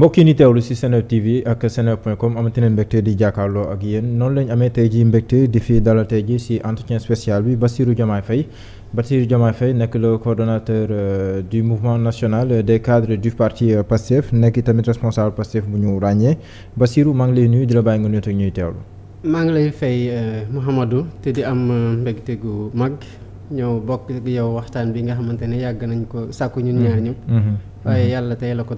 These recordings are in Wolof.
mbokk yi ñu teewlu ci Seneweb TV ak seneweb.com amati na mbégte di jàkkaarloo ak yéen noonu lañ amee tey ji mbégte di fi dalal tey ji ci entretien spécial bi Bassirou Diomaye Faye Bassirou Diomaye Faye nekk le coordonnateur euh, du mouvement national des cadres du parti euh, PASTEF nekk tamit responsable PASTEF bu ñu ràññee Bassirou maa ngi lay nuyu di la bàyyi nga nuyu ak ñuy teewlu. lay fay euh, Mouhamadou te di am mbégte gu mag ñëw bokk yow waxtaan bi nga xamante ne yàgg nañ ko sàkku ñun ñaar mm-hmm. Mm-hmm. ko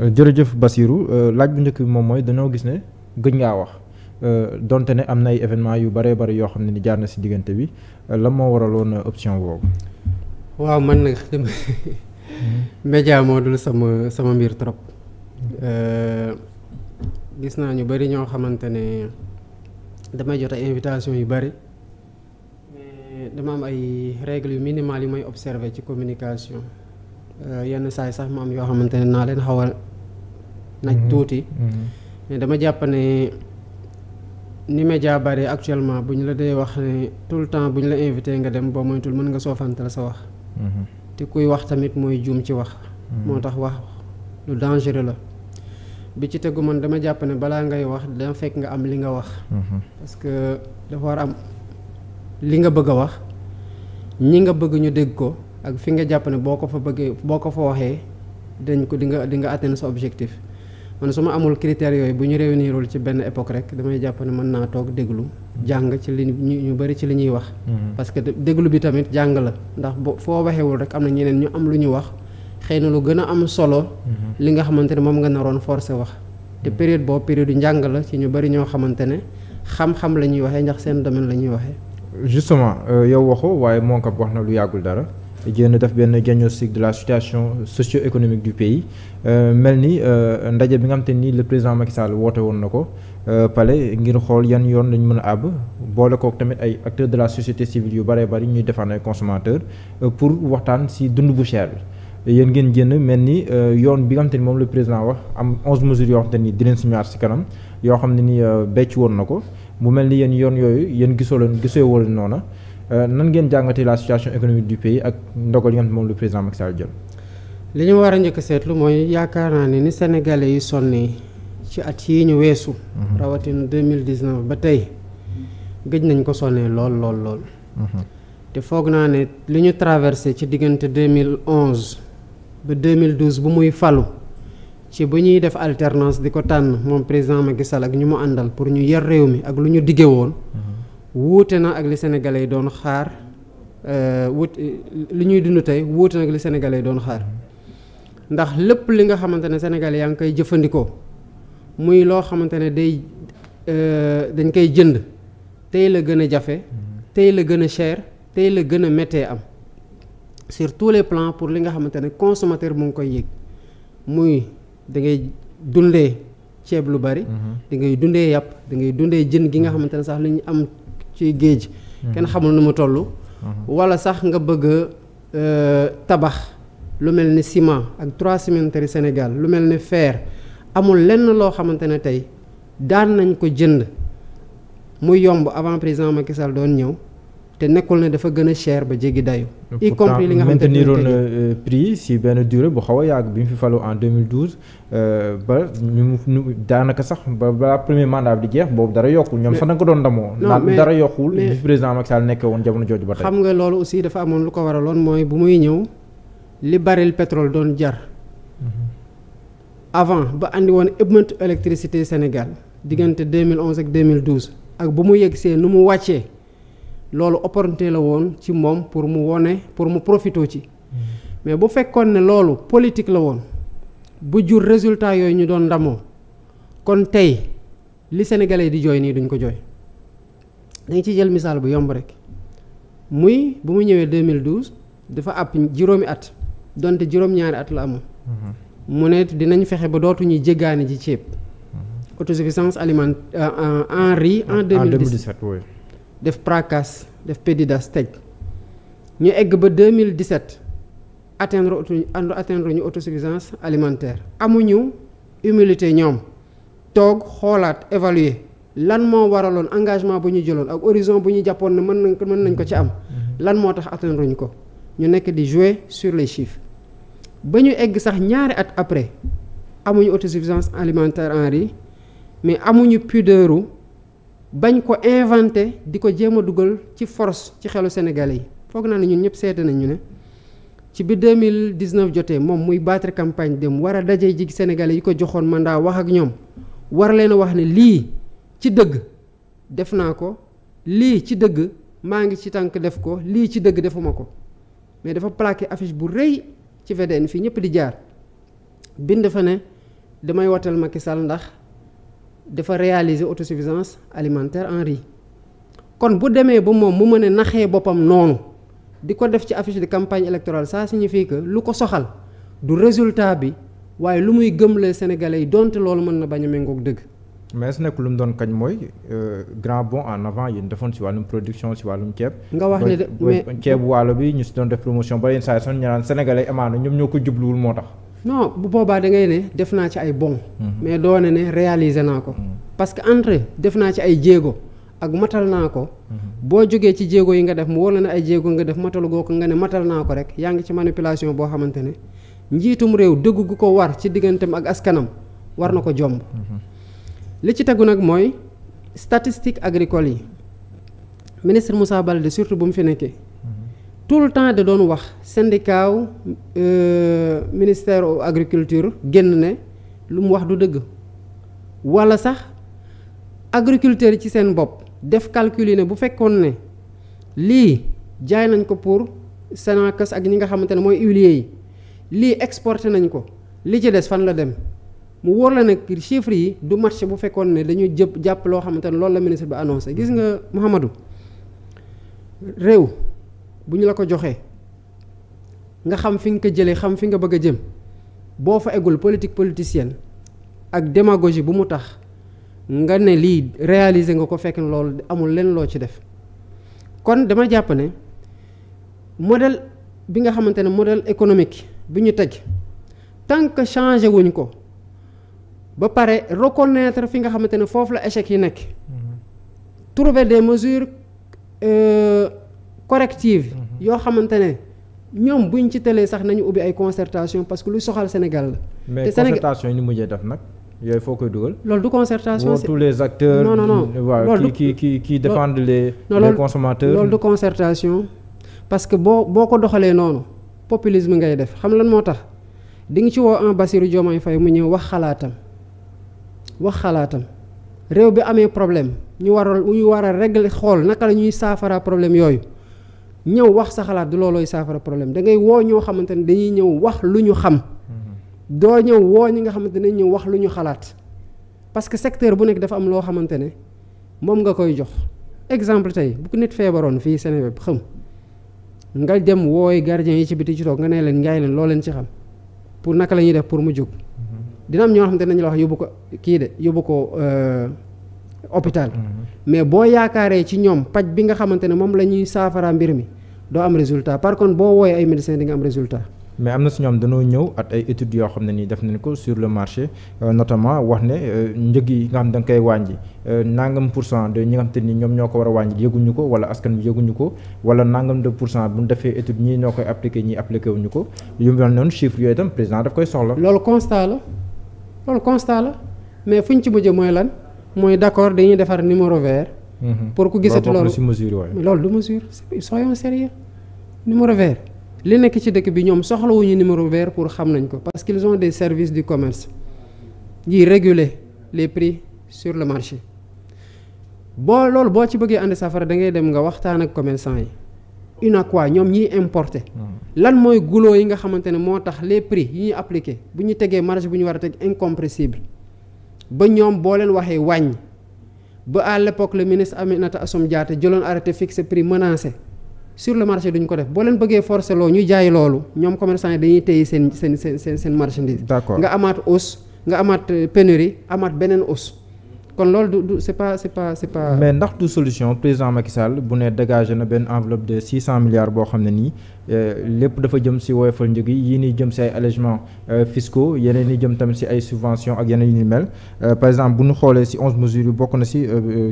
Euh, jërëjëf Basirou euh, laaj bu njëkk bi moom mooy dañoo gis ne gëj ngaa wax euh, donte ne am na ay événement yu bëree bëri yoo xam ne ni jaar na si diggante bi la moo waraloon option boobu. waaw man nag média moo dul sama sama mbir trop. gis naa ñu bari ñoo xamante ne damay jot ay invitation yu bari mais dama am ay règles yu minimales yu may observé ci communication yenn saa yi sax ma am yoo xamante ne naa leen xaw naaj mhm. tuuti. Mhm. mais dama jàpp ne ni média bari actuellement bu ñu la dee wax ne tout le temps bu ñu la invité nga dem boo moytul mën nga soofantal sa wax. Mhm. te kuy wax tamit mooy juum ci wax. moo tax wax lu dangereux la. bi ci tegu man dama jàpp ne balaa ngay wax dama fekk nga am li nga wax. parce que dafa war am li nga bëgg a wax ñi nga bëgg ñu dégg ko ak fi nga jàpp ne boo ko fa bëggee boo ko fa waxee dañ ko di nga di nga atteindre sa objectif. man su ma amul critères yooyu bu ñu réunirul ci benn époque rek damay jàpp ne mën naa toog déglu jàng ci li ñu bëri ci li ñuy wax. Mm-hmm. parce que déglu bi tamit jàng la ndax boo foo waxewul rek am na ñeneen ñu am lu ñu wax xëy na lu gën a am solo. Mm-hmm. li nga xamante ne moom nga naroon forcé wax. te mm-hmm. période boobu période njàng la ci ñu bëri ñoo xamante ne xam-xam la ñuy waxee ndax seen domaine la ñuy waxee. justement euh, yow waxoo waaye moo Moncap wax na lu yàggul dara. génn def benn diagnostic de la situation socio-économique du pays euh, mel ni euh, ndaje bi nga xam ni le président Macky Sall woote woon na ko euh, palais ngir xool yan yoon lañ mën a àbb boole kook tamit ay acteurs de la société civile yu bëree bëri ñuy défendre ay consommateurs pour waxtaan si dund bu cher bi yéen ngeen génn mel ni yoon bi nga xam ni moom le président wax am 11 mesures yoo xam te ni di leen si ñaar si kanam yoo xam ne ni becc woon na ko mu mel ni yéen yoon yooyu yéen gisoo leen gisoo woon noona Euh, nan ngeen jàngatee la situation économique du pays ak ndogal yi nga xam moom le président Macky jël. li ñu war a njëkk seetlu mooy yaakaar naa ne ni sénégalais yi sonnee ci at yii ñu weesu. Mhm. rawatin deux mille dix neuf ba tey gëj nañ ko sonnee lool lool lool. Mhm. te foog naa ne li ñu traversé ci diggante deux mille onze ba deux mille douze bu muy falu. ci bu ñuy def alternance di ko tànn moom président Macky Sall ak ñu mu àndal pour ñu yar réew mi ak lu ñu diggee woon. Mhm. wuute na ak li sénégalais yi doon xaar euh, wut li ñuy dund tey wuute na ak li sénégalais yi doon xaar ndax lépp li nga xamante ne sénégalais yaa ngi koy jëfandikoo muy loo xamante ne day euh, dañ koy jënd tey la gën a jafe tey la gën a cher tey la gën a méttee am sur tous les plans pour li nga xamante ne consommateur mu ngi koy yëg muy dangay ngay dundee ceeb lu bari. Mhm. da dundee yàpp da dundee jën gi nga xamante sax li ñu am ci géej hmm. kenn xamul nu mu toll hmm. wala sax nga bëgg euh, tabax lu mel ni ciment ak trois cimenteries Sénégal lu mel ni fer amul lenn loo xamante ne tey daan nañ ko jënd mu yomb avant président Macky Sall doon ñëw te nekkul ne dafa gën a cher ba jéggi dayu y compris li nga xamante ne mainteniroon na euh, prix si benn durée bu xaw a yàgg bi mu fi falo en 2012 euh, ba ñu daanaka sax ba balaa premier mandat bi di jeex boobu dara yokkul ñoom sax na ko doon ndamoo naan dara yokkul bi président Macky Sall nekkee woon jamono jooju ba tey xam nga loolu aussi dafa amoon lu ko waraloon mooy bu muy ñëw li baril pétrole doon jar mm-hmm. avant ba indi woon émeute électricité Sénégal diggante 2011 mille 2012 ak bu mu yegg see nu mu wàccee loolu opportunité la woon ci moom pour mu wone pour mu profité ci mais bu fekkoon ne loolu politique la woon bu jur résultat yooyu ñu doon ndamoo kon tey li sénégalais di jooy nii duñ ko jooy dañ ci jël misaal bu yomb rek muy bu mu ñëwee 2012 dafa ab juróomi at donte juróom-ñaari at la amoon mu ne dinañ fexe ba dootu dootuñu jéggaani ci ceeb mhm. autosuffisance alimentaire euh, en riz en 2017 def PRACAS def PEDIDAS teg ñu egg ba 2017 atteindre atteindre ñu auto autosuffisance alimentaire amuñu humilité ñoom toog xoolaat évaluer lan moo waraloon engagement bu ñu jëloon ak horizon bu ñu jàppoon ne mën nañ ko nañ ko ci am mm-hmm. lan moo tax atteindre ñu ko ñu nekk di jouer sur les chiffres ba ñu egg sax ñaari at après amuñu autosuffisance alimentaire en riz mais amuñu pudeuru bañ ko inventé di ko jéem a dugal ci force ci xelu sénégal yi foog naa ne ñun ñëpp seete nañ ñu ne ci bi 2019 jotee moom muy battre campagne dem war a daje ji Sénégalais yi ko joxoon mandat wax ak ñoom war leen wax ne lii ci dëgg def naa ko lii ci dëgg maa ngi ci tànk def ko lii ci dëgg defuma ko mais dafa plaqué affiche bu rëy ci VDN fii ñëpp di jaar bind fa ne damay watal Macky Sall ndax dafa réaliser suffisance alimentaire en kon bu demee ba moom mu mën a naxee boppam noonu di ko def ci affiche de campagne électorale ça signifie que lu ko soxal du résultat bi waaye lu muy gëmlee sénégalais yi donte loolu mën na bañ a méngoog dëgg. mais su lu mu doon kañ mooy euh, grand bond en avant yéen defoon si wàllum production si wàllum ceeb. nga wax ne de mais ceeb waalo bi ñu si doon def promotion ba yenn saa yi sax naan sénégalais ñoom ñoo ko jubluwul moo tax. non bu boobaa da ngay ne def naa ci ay bon. Mhm. mais doo ne ne réaliser naa ko. Mhm. parce que entre def naa ci ay jéego ak matal naa ko. Mhm. boo jógee ci jéego yi nga def mu wóor la ne ay jéego nga def matalu goo ko nga ne matal naa ko rek yaa ngi ci manipulation boo xamante ne njiitum réew dëgg gu ko war ci digganteem ak askanam war na ko jomb. li ci tegu nag mooy statistique agricole yi ministre Moussa Baldé surtout bu mu fi nekkee. tout le temps da doon wax syndicat wu euh, ministère agriculture génn ne lu mu wax du dëgg walla sax agriculteurs yi ci seen bopp def calcul yi ne bu fekkoon ne lii jaay nañ ko pour Sonacos ak ñi nga xamante ne mooy huiliers yi lii exporté nañ ko li ci des fan la dem mu wóor la nag chiffres yi du marché bu fekkoon ne dañu jëpp jàpp loo xamante ne loolu la ministre bi annoncé gis nga Mouhamadou réew bu ñu la ko joxee nga xam fi nga ko jëlee xam fi nga bëgg a jëm boo fa eggul politique politicienne ak démagogie bu mu tax nga ne lii réaliser nga ko fekk loolu amul leen loo ci def kon dama jàpp ne modèle bi nga xamante ne modèle économique bi ñu teg tant que changé wuñ ko ba pare reconnaître fi nga xamante ne foofu la échec yi nekk mm-hmm. trouver des mesures euh, corrective mhm. yoo xamante ne ñoom buñ ci tëlee sax nañu ubbi ay concertation parce que lu soxal Sénégal la. mais concertation yi ñu mujjee def nag. yooyu foo koy dugal. loolu du concertation c'est tous les acteurs. non non non waaw qui qui qui défendent les. les consommateurs loolu du concertation. parce que boo boo ko doxalee noonu populisme ngay def xam lan moo tax di nga ci woo un Bassirou Diomaye fay mu ñëw wax xalaatam wax xalaatam réew bi amee problème ñu waral ñu war a régler xool naka la ñuy saafara problème yooyu. ñëw wax sa xalaat du loolooy saafara problème da ngay woo ñoo xamante ne dañuy ñëw wax lu ñu xam mm-hmm. doo ñëw woo ñi nga xamante ne ñëw wax lu ñu xalaat parce que secteur bu nekk dafa am loo xamante ne moom nga koy jox exemple tey nit feebaroon fii Sénégal xam nga dem wooy gardien yi ci biti ci nga ne leen ngaay leen loo leen ci xam pour naka la ñuy def pour mu jóg mm-hmm. dina ñoo xamante ne wax yóbbu ko kii de yóbbu ko euh, hôpital mm-hmm. mais boo yaakaaree ci ñoom paj bi nga xamante ne moom la ñuy saafara mbir mi doo am résultat par contre boo wooyee ay médecins di nga am résultat. mais am na si ñoom dañoo ñëw at ay études yoo xam ne nii def nañ ko sur le marché euh, notamment wax ne euh, njëg nga xam da nga koy wàññi euh, nangam pour cent de ñi nga xam te ni ñoom ñoo ko war a wàññi yëguñu ko wala askan bi yëguñu ko wala nangam de pour cent bu ñu defee étude ñii ñoo koy appliqué ñii appliqué wuñu ko yu mel noonu chiffres yooyu itam président daf koy soxla. loolu constat la loolu constat la mais fuñ ci mujjee mooy mooy d'accord dañuy defar numéro vert. Mhm. pour ku gisati loolu loolu du mesure soyons sérieux numéro vert li nekk ci dëkk bi ñoom soxlawuñu numéro vert pour xam nañ ko parce qu'ils ont des services du commerce yi réguler les prix sur le marché boo lool boo ci bëggee andi safara da ngay dem nga waxtaan ak commerçant yi UNACOIS ñoom ñiy importer. Mhm. lan mooy gulo yi nga xamante ne moo tax les prix yi ñuy appliqué bu ñu tegee marge bu ñu war a teg incompressible ba ñoom boo leen waxee wàññ ba à l'époque le ministre Aminata Assome Diatta jëloon arrêté fixé prix menacé sur le marché duñ ko def boo leen bëggee forcer loo ñu jaay loolu ñoom commerçant yi dañuy téye seen seen seen seen seen marchandise. d'accord nga amaat hausse nga amaat euh, pénuri amaat beneen hausse. kon loolu du du c'est pas c'est pas c'est pas. mais ndax du solution président Macky Sall bu ne dégagé na benn enveloppe de six cent milliards boo xam ne nii. Euh, lépp dafa jëm si woyofal njëg yi yii nii jëm si ay allègements euh, fiscaux yeneen yi jëm tamit si ay subventions ak yeneen yi mel euh, par exemple bu ñu xoolee si onze mesures yu bokk na si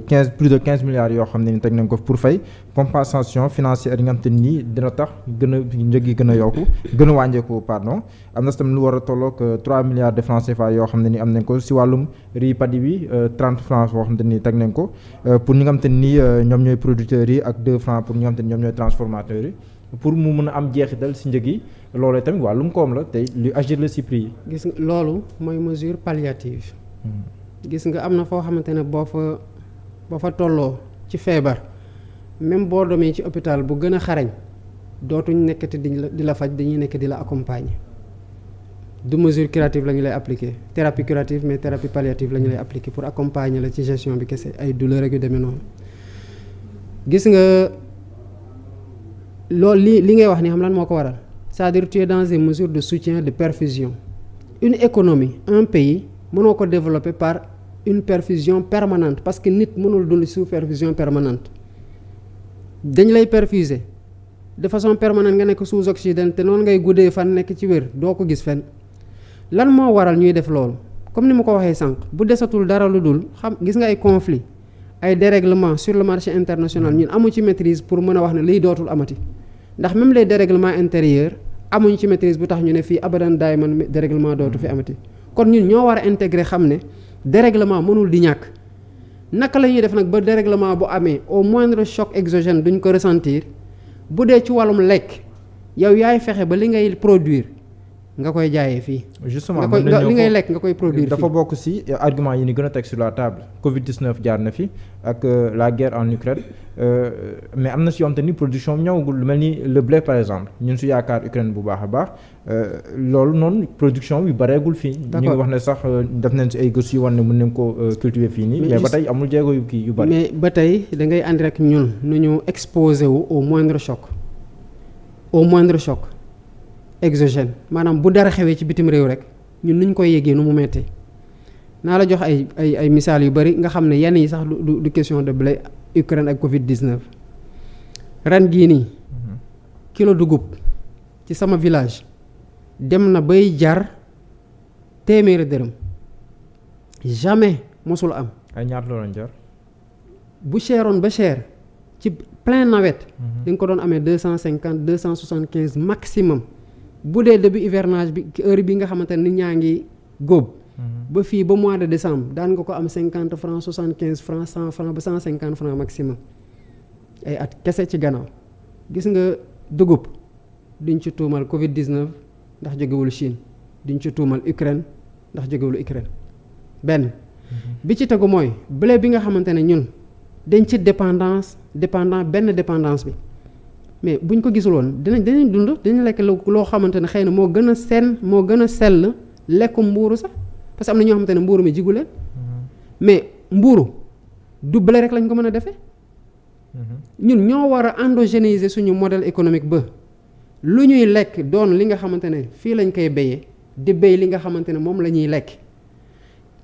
quinze plus de quinze milliards yoo xam ne ni teg nañ ko pour fay compensation financière yi nga nii dina tax gën a njëg yi gën a yokku gën a wàññeeku pardon am na tamit lu war a tolloog trois milliards de francs CFA yoo xam ne ni am nañ ko si wàllum riz paddy yoo xam te nii teg nañ ko pour ñi nga xam te nii ñoom ñooy producteurs yi ak deux francs pour ñi nga xam te nii ñoom ñooy transformateurs yi pour mu mën a am jeexital si njëg yi loolee tamit wàllum koom la tey lu agir la si prix yi. gis loolu mooy mesure palliative. Hmm. gis nga am na foo xamante ne boo fa boo fa tolloo ci feebar même boo demee ci hôpital bu gën a xarañ dootuñ nekkati di la di la faj dañuy nekk di la accompagner du mesure curative la ñu lay appliquer thérapie curative mais thérapie palliative lañu lay appliquer pour accompagner la ci gestion bi kese ay douleur ak yu demee noonu loolu li li ngay wax ni xam lan moo ko waral c'est-à-dire tu es mesure de soutien de perfusion une économie un pays mënoo ko développer par une perfusion permanente parce que nit mënul dund sous perfusion permanente dañ lay perfuser de façon permanente nga nekk sous oxygène te noonu ngay guddee fan nekk ci wér doo ko gis fen lan moo waral ñuy def loolu comme ni ma ko waxee sànq bu desatul dara lu dul xam gis nga ay conflit ay dérèglement sur le marché international ñun amu ci maîtrise pour mën a wax ne liy dootul amati ndax même les dérèglements intérieurs amuñ ci maîtrise bu tax ñu ne fii abadan daay man dérèglement dootu fi amati kon ñun ñoo war a intégrer xam ne dérèglement mënul di ñàkk naka la ñuy def nag ba dérèglement bu amee au moindre choc exogène duñ ko ressentir bu dee ci wàllum lekk yow yaay fexe ba li ngay produire nga koy jaayee fii. justement mën nañu li ngay lekk nga koy produire dafa bokk si argument yi ni gën a teg sur la table Covid 19 jaar na fi ak euh, la guerre en Ukraine euh, mais am na si yoo xam production ñëwagul lu mel ni le blé par exemple ñun si yaakaar Ukraine bu baax a baax euh, loolu noonu production bi bareegul fii. ñu ngi wax ne sax def nañ si ay gëstu yu wan ne mën nañ ko cultiver fii nii. mais ba tey amul jéego yu kii yu bari. ba tey da ngay ànd rek ñun nu ñu exposé wu au moindre choc au moindre choc. exogène maanaam bu dara xewee ci bitim réew rek ñun nuñ koy yëgee nu mu metti naa la jox ay ay ay misaal yu bari nga xam ne yenn yi sax du du question de blé Ukraine ak Covid 19. ren gii nii mhm. kilo dugub ci sama village dem na bay jar téeméeri dërëm jamais mosul am. ay ñaata la bu cheroon ba cher ci plein nawet. li mhm. nga ko doon amee deux cent cinquante deux cent soixante quinze maximum. bu dee début hivernage bi heure bi nga xamante ne nit ñaa ngi góob. Mhm. ba fii ba mois de décembre daan nga ko am cinquante franc soixante quinze franc cent franc ba cent cinquante franc maximum ay at kese ci gannaaw gis nga dugub duñ ci tuumal Covid 19 ndax jógewul Chine duñ ci tuumal Ukraine ndax jógewul Ukraine benn. Mhm. bi ci tegu mooy blé bi nga xamante ne ñun dañ ci dépendance dépendant benn dépendance bi. mais buñ ko gisuloon woon dinañ dinañ dund dinañ lekk loo xamante ne xëy na moo gën a seen moo gën a sell lekku mbuuru sax parce que am na ñoo xamante ne mbuuru mi jigu leen mm-hmm. mais mbuuru du blé rek lañ ko mën a defee mm-hmm. ñun ñoo war a endogénéiser suñu modèle économique ba lu ñuy lekk doon li nga xamante ne fii lañ koy béyee di béy li nga xamante ne moom la ñuy lekk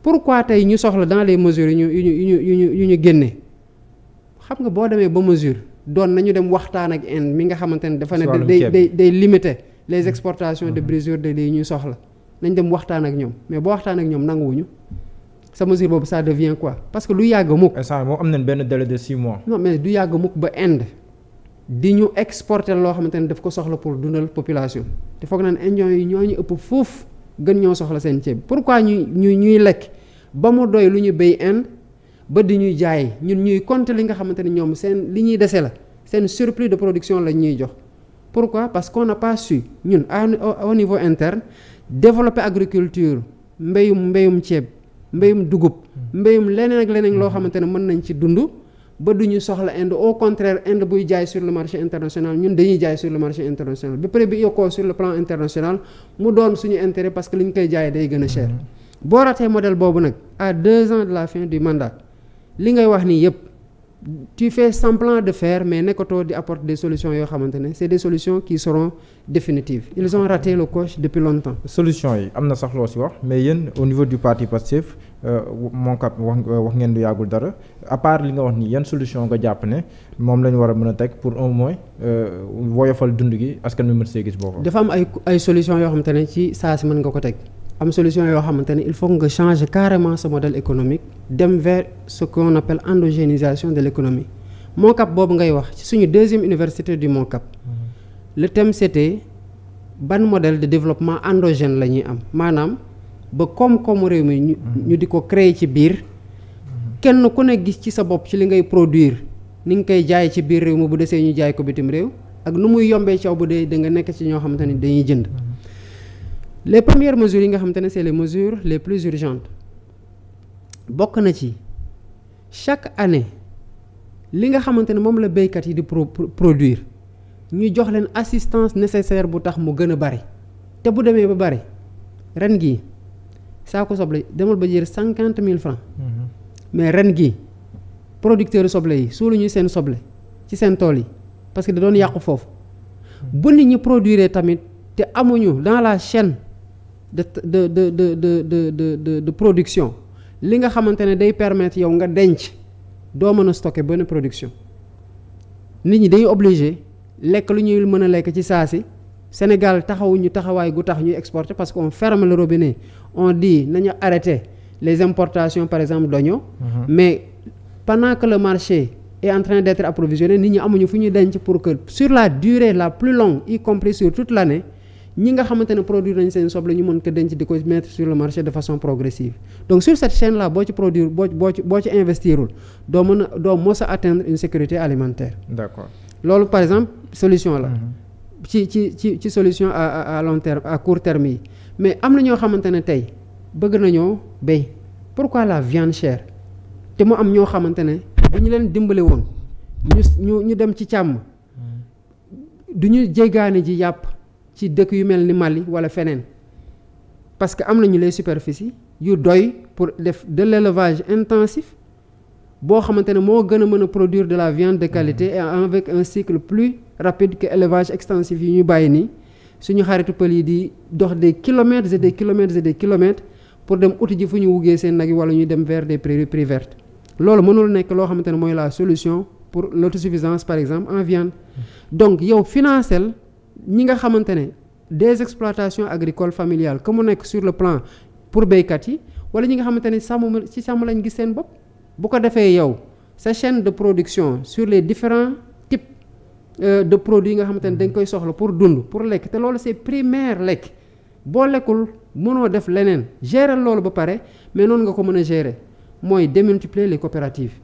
pourquoi tey ñu soxla dans les mesures yu ñu yu ñu yu ñu yu ñu génne xam nga boo demee ba mesure doon nañu dem waxtaan ak Inde mi nga xamante ne dafa ne day day day limiter les mm-hmm. exportations de mm-hmm. brisure de lait ñuy soxla nañ dem waxtaan ak ñoom mais boo waxtaan ak ñoom nanguwuñu sama mesure boobu ça devient quoi parce que lu yàgg mukk. instant moom am nañ benn délai de six mois. mais du yàgg mukk ba Inde di ñu exporter loo xamante ne daf ko soxla pour dundal population te foog na naan Indiens yi ñoo ñu ëpp foofu gën ñoo soxla seen ceeb pourquoi ñuy ñuy ñuy lekk ba mu doy lu ñu béy Inde. ba di ñuy jaay ñun ñuy compter li nga xamante ne ñoom seen li ñuy dese la seen surplus de production lañ ñuy jox pourquoi parce qu'on n'a pas su ñun au niveau interne développer agriculture mbéyum mbéyum ceeb mbéyum dugub mbéyum leneen ak leneen loo xamante ne mën nañ ci dund ba du ñu soxla Inde au contraire Inde buy jaay sur le marché international ñun dañuy jaay sur le marché international ba pare bi yokkoo sur le plan international mu doon suñu intérêt parce que li ñu koy jaay day gën a cher mm-hmm. boo ratee modèle boobu nag à deux ans de la fin du mandat li ngay wax nii yëpp tu fais semblant de faire mais nekkatoo di apporte des solutions yoo xamante ne c'est des solutions qui seront définitives ils ont raté le coche depuis longtemps. solution yi am na sax loo si wax mais yéen au niveau du parti Pastef euh, moom kat wax wax ngeen du yàggul dara à part li nga wax nii yan solution nga jàpp ne moom lañu ñu war a mën a teg pour au moins euh, woyofal dund gi askan wi mën see gis boobu. dafa am ay ay solutions yoo xamante ne ci saa si mën nga ko teg. am solution yoo xamante ne il faut nga changer carrément ce modèle économique dem vers ce qu'on appelle endogénisation de l'économie MOCAP boobu ngay wax ci suñu deuxième université du MOCAP le thème c'était ban modèle de développement endogène la ñuy am maanaam ba koom-koomu réew mi ñu mm-hmm. ñu di ko créer ci biir mm-hmm. kenn ku ne gis ci sa bopp ci li ngay produire ni nga koy jaay ci biir réew mi bu desee ñu jaay ko bitim réew ak nu muy yombee caw bu dee da nga nekk ci ñoo xamante ni dañuy jënd mm-hmm. les premières mesures yi nga xamante ne c'est les mesures les plus urgentes bokk na ci chaque année li nga xamante ne moom la béykat yi di pro produire ñu jox leen assistance nécessaire bu tax mu gën a bari te bu demee ba bari ren gii saako soble demal ba jër cinquante mille francs mhm. mais ren gi producteurs soble yi suulu ñuy seen soble ci seen tool yi parce que da doon yàqu foofu mhm. bu nit ñi produire tamit te amuñu dans la chaîne de de de de de de de de production li nga xamante ne day permettre yow nga denc doo mën a stocké benn production nit ñi dañuy obligé lekk lu ñuy mën a lekk ci saa si Sénégal taxawuñu taxawaay gu tax ñuy exporter parce que qu'on ferme le robinet on dit nañu arrêter les importations par exemple d'oignons mm mais pendant que le marché est en train d'être approvisionné nit ñi amuñu fu ñuy denc pour que sur la durée la plus longue y compris sur toute l'année ñi nga xamante ne produire nañ seen soble ñu mën ko denc di ko mettre sur le marché de façon progressive donc sur cette chaîne là boo ci produire boo boo ci boo ci investirul doo mën a doo mos a atteindre une sécurité alimentaire. d'accord loolu par exemple solution la. Mhm. ci ci ci ci solution à à à long terme à court terme yi mais am na ñoo xamante ne tey bëgg nañoo béy pourquoi la viande chère te mu am ñoo xamante ne ñu leen dimbale woon ñu ñu dem ci càmm mhm. du ñu jéggaane ji yàpp. ci dëkk yu mel ni Mali wala feneen parce que am nañu les superficies yu doy pour def de l'élevage intensif boo xamante ne moo gën a mën a produire de la viande de qualité mm-hmm. et avec un cycle plus rapide que élevage extensif yi ñu bàyyi nii suñu xaritu pël yi di dox des kilomètres et des kilomètres et des kilomètres pour dem uti ji fu ñu wuggee seen nag yi wala ñu dem vers des prairies vertes loolu mënul nekk loo xamante ne mooy la solution pour l'autosuffisance par exemple en viande mm-hmm. donc yow financel ñi nga xamante ne des exploitations agricole familiales que mu nekk sur le plan pour béykat yi wala ñi nga xamante ne sàmm ci sàmm lañ gis seen bopp bu ko defee yow sa chaine de production sur les différents types euh, de produits yi nga xamante ne dañ koy soxla pour dund pour lekk te loolu c'est primaire lekk boo lekkul mënoo def leneen geral loolu ba pare mais noonu nga ko mën a gérer mooy démultiplier les coopératives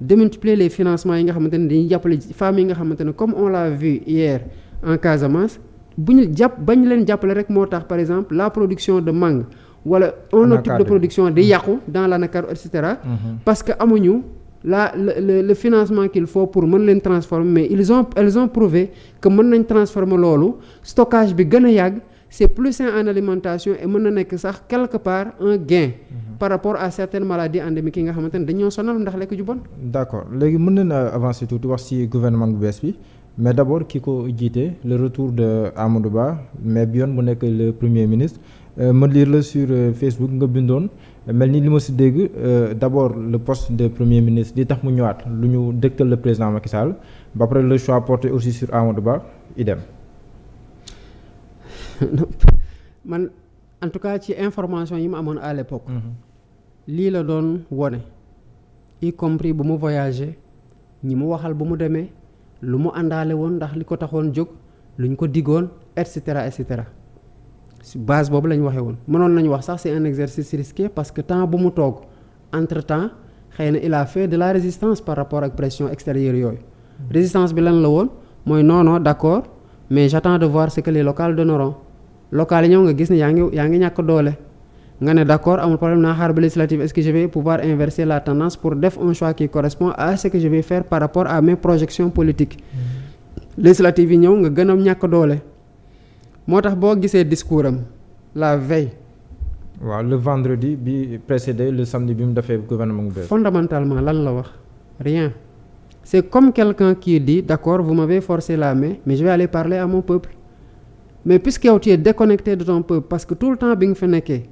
démultiplier les financements yi nga xamante ne dañuy jàppale yi nga xamante ne comme on l'a vu hier en Casamance bu ñu jàpp bañ leen jàppale rek moo tax par exemple la production de màng wala un autre de production di mm-hmm. yàqu dans l'anacarde et cetera mm-hmm. parce que amuñu la le le financement qu'il faut pour mën leen transformer mais ils ont elles ont prouvé que mën nañ transformer loolu stockage bi gën a yàgg c'est plus sain en alimentation et mën na nekk sax quelque part un gain mm-hmm. par rapport à certaines maladies endémiques yi nga xamante ne dañoo sonal ndax lekk ju bon d'accord léegi mën nañ avancer tuuti wax ci gouvernement bu bees bi mais d' abord ki ko jiite le retour de Amadou Ba mais bi yoon bu nekk le premier ministre euh, ma lire la sur euh, Facebook nga bindoon mel ni li ma si dégg euh, d' abord le poste de premier ministre di tax mu ñëwaat lu ñu dëgtal le président Macky Sall ba pare le choix porté aussi sur Amadou Ba idem. man en tout cas ci information yi ma amoon à l'époque mhm. lii la doon wone y compris bu mu voyagé ñi mu waxal bu mu demee. lu mu àndaale woon ndax li ko taxoon jóg ñu ko diggoon et cetera et cetera si base boobu la ñu waxee woon mënoon nañu wax sax c'est un exercice risqué parce que temps bu mu toog entre temps xëy na il a fait de la résistance par rapport ak pression extérieure yooyu. Hmm. résistance bi lan la woon mooy non non d'accord mais j'attends de voir ce que les locales donneront locales yi ñëw nga gis ne yaa ngi yaa ngi ñàkk doole. nga ne d'accord amul problème naa xaar ba législative est-ce que je vais pouvoir inverser la tendance pour def un choix qui correspond à ce que je vais faire par rapport à mes projections politiques législative yi ñëw nga gën a ñàkk doole moo tax boo gisee discours am la veille. waaw le vendredi bi précédé le samedi bi mu defee gouvernement bu bees. fondamentalement lan la wax rien c'est comme quelqu'un qui dit d'accord vous m'avez forcé la main mais je vais aller parler tout le temps bi nga fa nekkee.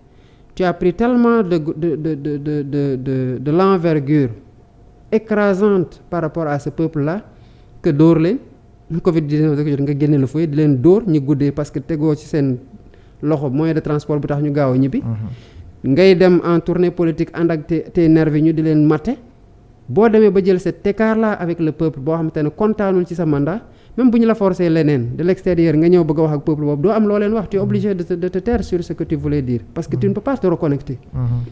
tu as pris tellement de de de de de de, de, de l'envergure écrasante par rapport à ce peuple la que dóor leen Covid 19 da ko jot nga génne la fooy di leen dóor ñu guddee parce que tegoo ci seen loxo moyen de transport bu tax ñu gaaw a ñibbi. Mm-hmm. ngay dem en tournée politique ànd ak te te nervi ñu di leen maté boo demee ba jël cet écart la avec le peuple boo xamante ne kontaanul ci sa mandat. même bu ñu la forcer leneen de l'extérieur nga ñëw bëgg a wax ak peuple boobu doo am loo leen wax tu es mm-hmm. de te de sur ce que tu dire parce que tu ne peux pas mm-hmm.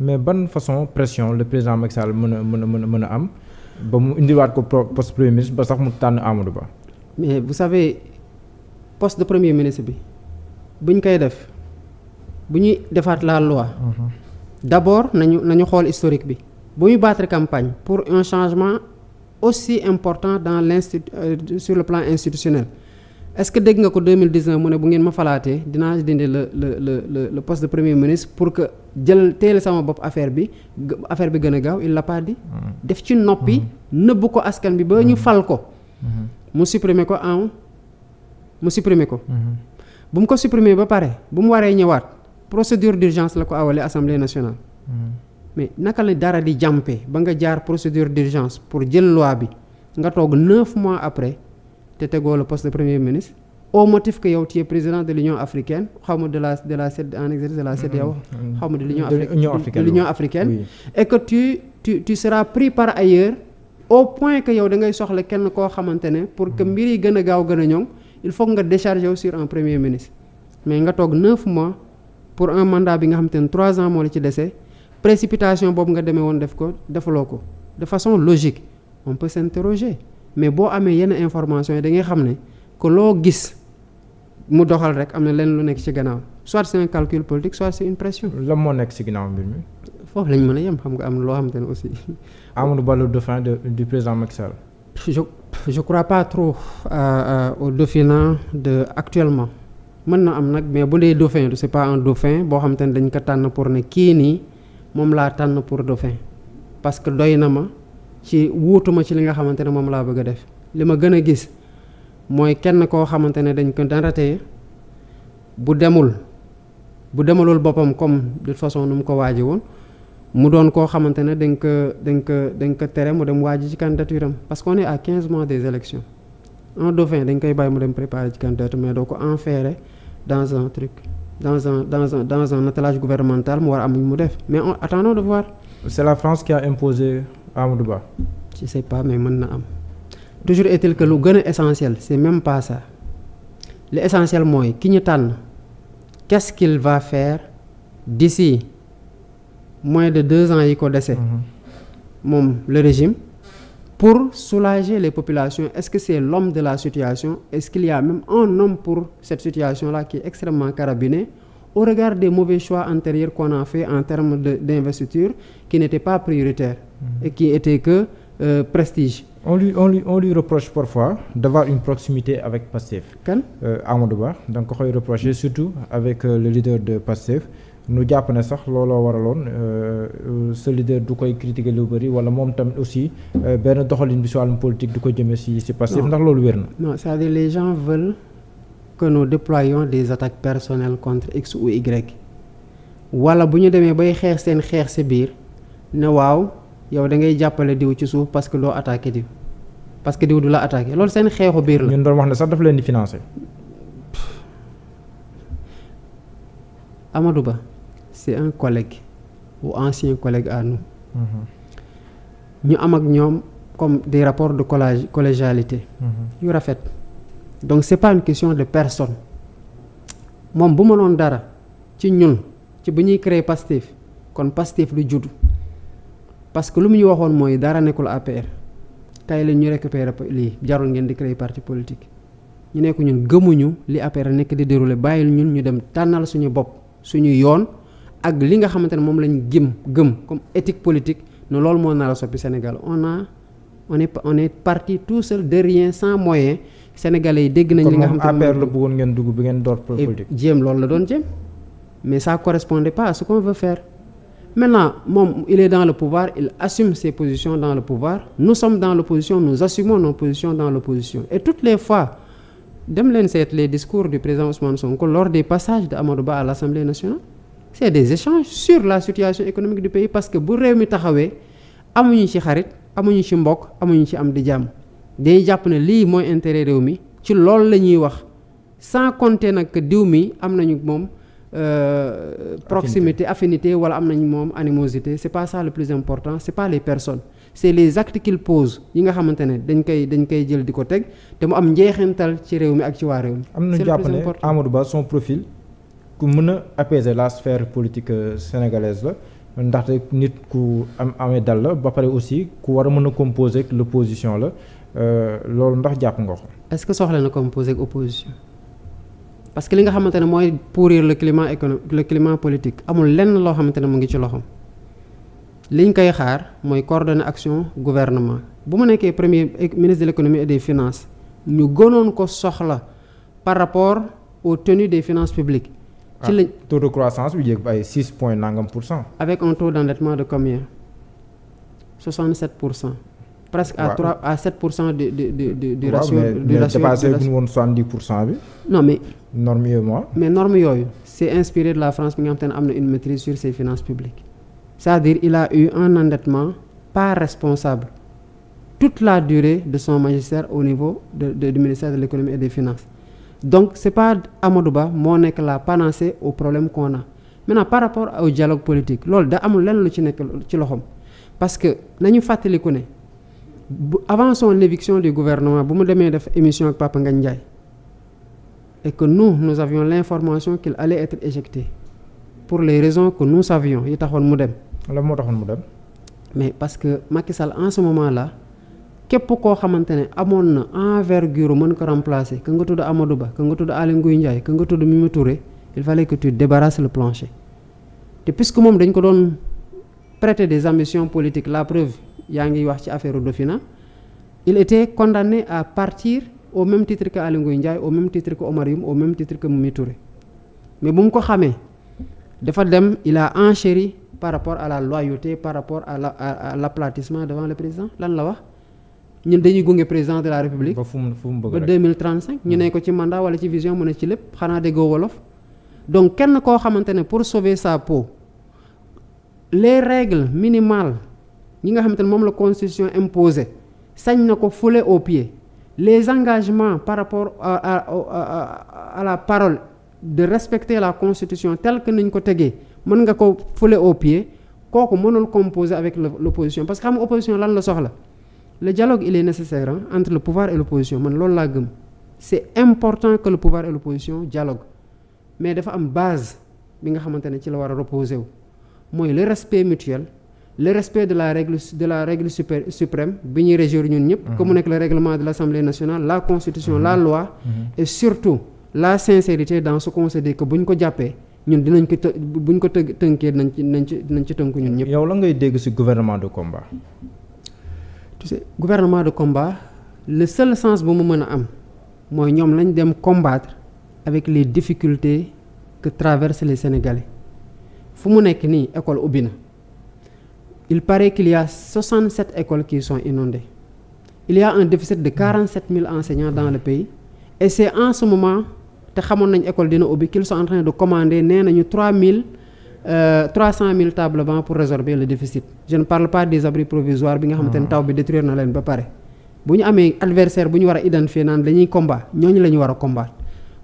mais ban façon pression le président Macky mën a mën a mën a mën a am ba mu indiwaat ko poste premier ministre ba sax mu tànn Amadou Ba. mais vous savez poste de premier ministre bi bu ñu koy def bu ñuy defaat la loi. Mm-hmm. d'abord nañu nañu xool historique bi bu ñu battre campagne aussi important dans l'instit euh, sur le plan institutionnel est-ce que dégg nga ko 2019 mu ne bu ngeen ma falaatee dinaa dindi le le le le poste de premier ministre pour que jël teele sama bopp affaire bi affaire bi gën a gaaw il l'a pas dit. Mm-hmm. def ci noppi. Mm-hmm. nëbb ko askan bi ba ñu mm-hmm. fal ko. mu supprimer ko en mu supprimer ko. bu mu ko supprimer ba pare bu mu waree ñëwaat procédure d'urgence la ko awalee assemblée nationale. mais naka la dara di jàmpe ba nga jaar procédure d'urgence pour jël loi bi nga toog neuf mois après te tegoo la poste de premier ministre au motif que yow tu es président de l'Union africaine xaw ma de la de la CED en exercice de la mm-hmm. CEDEAO xaw ma de l'Union africaine et que tu tu tu seras par ailleurs au point que yow da ngay soxla kenn koo xamante ne pour que mm-hmm. mbir yi gën a gaaw gën a ñoŋ il faut nga décharger wu sur un premier ministre mais nga toog neuf mois pour un mandat bi nga xamante ne trois ans moo la ci dese précipitation boobu nga demee woon def ko defaloo ko de façon logique on seen s'interroger mais boo amee yenn information yi da ngay xam ne ko loo gis mu doxal rek am na lenn lu nekk ci gannaaw soit c'est un calcul politique soit c'est une pression. lan moo nekk ci gannaaw mbir mi. foofu lañ mën a yem xam nga am loo xamante ne aussi. Amadou Ba le dauphin de du président Macky Sall. je je crois pas trop euh, euh, au dauphinat de actuellement mën na am nag mais bu dee dauphin c'est pas un dauphin boo xamante ne dañ ko tànn pour ne kii nii. moom laa tànn pour dauphin parce que doy na ma ci wuutu ma ci li nga xamante ne moom laa bëgg a def li ma gën a gis mooy kenn koo xamante ne dañ ko dara teye bu demul bu demalul boppam comme de façon nu mu ko waaje woon mu doon koo xamante ne dañ ko dañ ko dañ ko tere mu dem waaji ci candidature am parce qu'on est mois des élections un dauphin dañ koy bàyyi mu dem préparer ci candidature mais doo ko enferrer dans en truc dans un dans un dans un attelage gouvernemental mu war a am mu def mais on attendons de voir. c'est la France qui a imposé Amadou Ba. je sais mais mën na am toujours est-il que lu gën a essentiel c'est même pas ça li essentiel mooy ki ñu tànn qu'est-ce qu'il va faire d'ici moins de deux ans yi ko dese. Mm-hmm. moom le régime. pour soulager les populations est-ce que c'est l'homme de la situation est-ce qu'il y a même un nom pour cette situation-là qui est extrêmement carabiné au regard des mauvais choix antérieurs qu'on a en termes d'investiture qui n'étaient pas prioritaires mm-hmm. et qui étaient que euh, prestige on lui on lui on lui reproche parfois d'avoir une proximité avec Pastef kan euh, Ba da nga ko reprocher surtout avec euh, le leader de Pastef nu jàpp ne sax looloo waraloon sa euh, euh, leader du koy critiquer lu bëri wala moom tamit aussi euh, benn doxalin bi si wàllum politique du ko jëmee si si Pastef ndax loolu wér na. non c'est-à-dire les gens veulent que nous déployions des contre X ou Y. wala bu ñu demee bay xeex seen xeex si biir ne waaw yow da ngay jàppale diw ci suuf parce que doo attaque diw parce que diw du la attaqué loolu seen xeexu biir la. ñun doon wax ne sax daf leen di financé. Amadou Ba. c'est un collègue ou ancien collègue à nous mm-hmm. ñu am ak ñoom comme des rapport de collage collégialité mm-hmm. yu rafet donc c'est pas une question de personne moom bu mënoon dara ci ñun ci bu ñuy créer Pastef kon Pastef du judd parce que lu mu ñu waxoon mooy dara nekkul APR kaay la ñu récupérer lii jarul ngeen di créer parti politique ñu nekk ñun gëmuñu li APR nekk di dérouler bàyyil ñun ñu dem tànnal suñu bopp suñu yoon ak li nga xamante ne moom lañ gëm gëm comme éthique politique ne lool moo nar a soppi Sénégal on a on est on est parti tout seul de rien sans moyen sénégalais yi dégg nañ. li nga xamante ne moom la bëggoon ngeen dugg bi ngeen door politique. jéem loolu la doon jéem mais ça correspondait pas à ce qu'on veut faire maintenant moom il est dans le pouvoir il assume ses positions dans le pouvoir nous sommes dans l'opposition nous assumons nos dans l'opposition et toutes les fois dem leen seet les discours du président Ousmane Sonko lors des passages de c'est des échanges sur la situation économique du pays parce que bu réew mi taxawee amuñu ci xarit amuñu ci mbokk amuñu ci am di jàmm day jàpp ne lii mooy intérêt réew mi ci loolu la ñuy wax sans conte nag diw mi am nañu moom euh, proximité affinité wala am nañu moom animosité c'est pas ça le plus important c'est pas les personnes c'est les actes qu'ils posent yi nga xamante ne dañ koy dañ koy jël di ko teg te mu am njeexintal ci réew mi ak ci waa réew mi. am na jàpp ne Amadou Ba son ku mën a apaiser la sphère politique euh, sénégalaise la ndaxte nit ku am amee dal la ba pare aussi ku war a mën a composer ak l'opposition la euh, loolu ndax jàpp nga ko. est-ce que soxla na composer ak opposition parce que li nga xamante ne mooy pourrir le climat économique le climat politique amul lenn loo xamante ne mu ngi ci loxoom liñ koy xaar mooy coordonner action gouvernement bu mu nekkee premier eh, ministre de l'économie et des finances ñu gënoon ko soxla par rapport des finances publiques. ci ah, lañ taux de croissance bi yéeg ay six point nangam pour cent. avec un taux d'endettement de combien 67 pour cent. presque à à sept pour cent du du du du ratio. du ratio dépassé bu ñu pour cent bi. non mais. yooyu moom. mais de la France bi nga xam am na une maîtrise sur ses finances publiques. c' est à dire il a eu un endettement pas responsable toute la durée de son magistère au niveau de, de ministère de l' économie et des finances. donc c'est pas Amadou Ba moo nekk la panacée au problème qu'on a maintenant par rapport au dialogue politique loolu da amul lenn lu ci nekk ci loxoom parce que nañu fàttaliku ne bu avant son éviction du gouvernement bu mu demee def émission ak Papa Ngagne Ndiaye et que nous nous avions l'information qu'il allait être éjecté pour les raisons que nous savions yi taxoon mu dem. lan moo taxoon mu dem. mais parce que Macky Sall en ce moment là. képp koo xamante ne amoon na envergure mën ko remplacer ka nga tudd Amadou Ba ka nga tudd Aly Ngouille Ndiaye ka nga tudd Mimi Touré il fallait que tu débarrasses le plancher te puisque moom dañ ko doon prêter de ambitions politique la preuve yaa ngi wax ci affaire Dofina il était condamné à partir au même titre que Aly Ngouille Ndiaye au même titre que Oumar Youm au même titre que Mimi mais bu mu ko xamee dafa dem il a enchéri par rapport à la loyauté par rapport à la à l'aplatissement devant le président lan la wax. ñun dañuy gunge président de la république. ba fu ñu ne ko ci mandat wala ci vision mu ne ci lépp xanaa déggoo wolof. donc kenn koo xamante ne pour sauver sa peau les règles minimales ñi nga xamante ne moom la constitution imposée sañ na ko foulé au pied les engagements par rapport à à, à, à, à la parole de respecter la constitution telle que nañ ko tegee mën nga ko foulé au pied kooku mënul composer avec l'opposition parce que xam nga opposition lan la soxla. le dialogue il est nécessaire hein, entre le pouvoir et l'opposition man loolu laa gëm c'est important que le pouvoir et l'opposition dialoguent mais dafa am base bi nga xamante ne ci la war a reposer wu mooy le respect mutuel le respect de la règle de la règle super suprême bi ñuy régir ñun ñëpp ko mhm. mu nekk le règlement de l'Assemblée nationale la constitution la mhm. loi mhm. et surtout la sincérité dans ce qu'on se dit que bu ñu ko jàppee ñun dinañ ko të bu ñu ko të tënkee dinañ ci dinañ ci dinañ ci tënku ñun ñëpp yow la ngay dégg si gouvernement de combat tu de combat le seul sens bu mu mën a am mooy ñoom lañ dem combattre avec les difficultés que traversent le Sénégalais fu mu nekk nii école ubbi na il paraît qu'il y a 67 écoles qui sont inondées il y a un déficit de 47 000 enseignants dans le pays et c'est te xamoon nañ école dina ubbi qu'ils sont en train de commander nee nañu 3000 Euh, 300 000 tables bancs pour résorber le déficit je ne parle pas des abris provisoires bi nga xamante ne ah. taw bi détruire na leen ba pare ñu amee adversaire bu ñu war a identifier naan dañuy combat la ñu war a combattre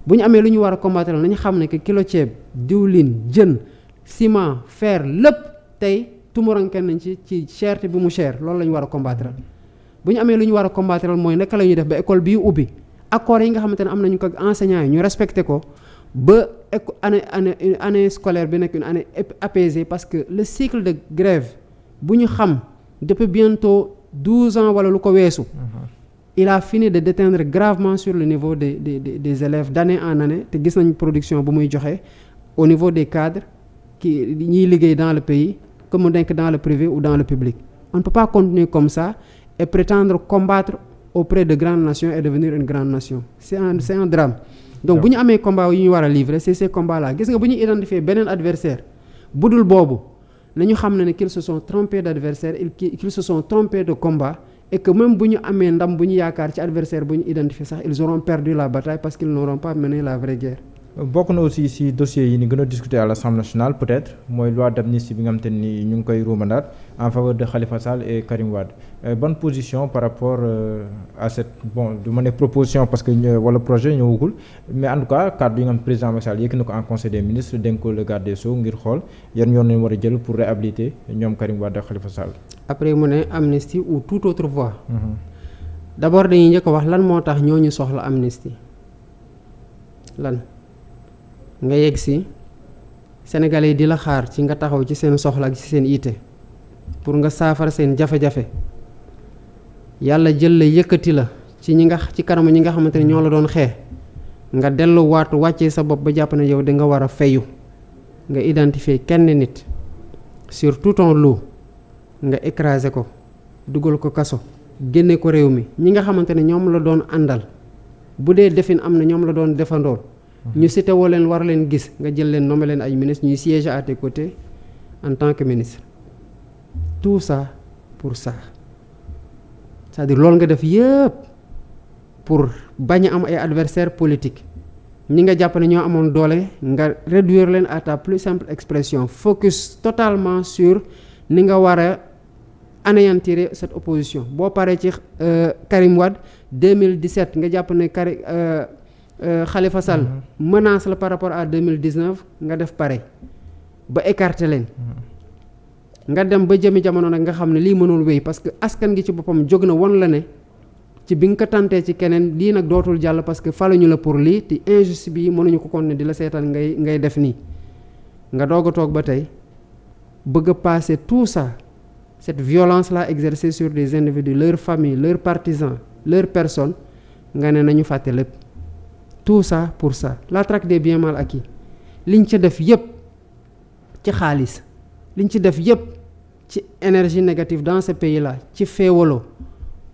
bu ñu ñu war a combattre nañu xam ne que kilo ceeb diwlin jën ciment fer lépp tey tumuranke nañ ci ci cherté bi mu cher la ñu war a combattre bu ñu amee lu ñu war a mooy naka la ñuy def ba école bii ubbi accords yi nga xamante ne am nañu ko enseignants yi ñu respecté ko ba année année une année scolaire bi nekk une année apaisée parce que le cycle de grève bu ñu xam depuis bientôt douze ans wala lu ko weesu mhm. il a fini de déteindre gravement sur le niveau des des des élèves d'année en année te gis nañ production bu muy joxe au niveau des cadres qui ñuy liggéey dans le pays que mu dans le privé ou dans le public on ne continuer comme ça et prétendre combattre auprès de grandes nations et devenir une grande nation c'est un c'est un drame donc bu ñu amee combat yu ñu war a livrer c'est ces combats là gis nga bu ñu identifier beneen adversaire bu dul boobu nañu xam ne ne qu'ils se sont trompés d'adversaire qu'ils se de combat et bu ñu amee ndam bu ñu yaakaar ci adversaire bu ñu identifier sax ils auront perdu la bataille parce qu'ils n'auront pas mené la vraie guerre bokk na aussi ci dossier yi ni gën a discuter à nationale peut-être mooy loi d'amnistie bi nga xamante ni ñu ngi koy ruumandaat en faveur de Khalifa Sall et Karim Wade euh, ban position par rapport euh, à cette bon du ma ne proposition parce que euh, wala projet ñëwagul mais en tout cas cadre yi nga xam président Macky Sall yëkk na ko en conseil des ministres dénk ko le garde des ngir xool yan yoon nañu war a jël pour réhabiliter ñoom Karim Wade ak Khalifa Sall. après mu ne amnistie ou toute autre voie. Mhm. d' abord dañuy njëkk wax lan moo tax ñooñu soxla amnistie lan nga yegg si sénégalais yi di la xaar ci nga taxaw ci seen soxla ak seen yitte. pour nga saafara seen jafe-jafe yàlla jël la yëkkati la ci ñi nga ci kanamu ñi nga xamante ne ñoo la doon xee nga dellu waatu wàccee sa bopp ba jàpp ne yow di nga war a fayu nga identifier kenn nit sur tout ton lot nga écraser ko dugal ko kaso génne ko réew mi ñi nga xamante ne ñoom la doon àndal bu dee defin am na ñoom la doon defandool mhm. ñu cité woo leen war leen gis nga jël leen nommé leen ay ministre ñuy siéger à tes en tant que ministre tout ça pour ça c'est-à-dire loolu nga def yëpp pour bañ am ay adversaires politique ñi nga jàpp ne ñoo amoon doole nga réduire leen à ta plus simple expression focus totalement sur ni nga war a anéantir cette opposition boo paree ci euh, deux mille Wade 2017 nga jàpp ne Karim euh, euh, Khalifa Sall mm-hmm. menace la par rapport à 2019 nga def pare ba écarter leen. Mm-hmm. nga dem ba jëmi jamono nag nga xam ne lii mënul wéy parce que askan gi ci boppam jóg na won la ne ci bi nga ko tantee ci keneen lii nag dootul jàll parce que ñu la pour lii te injustice bi mënuñu ko kon ne di la seetaan ngay ngay def nii nga doog a toog ba tey bëgg a passer tout ça cette violence la exercée sur des individus leurs familles leurs partisans leurs personnes nga ne nañu fàtte lépp tout ça pour ça la traque des biens mal acquis liñ ca def yépp ci xaalis liñ ci def yépp ci énergie négative dans ce pays-là ci féewaloo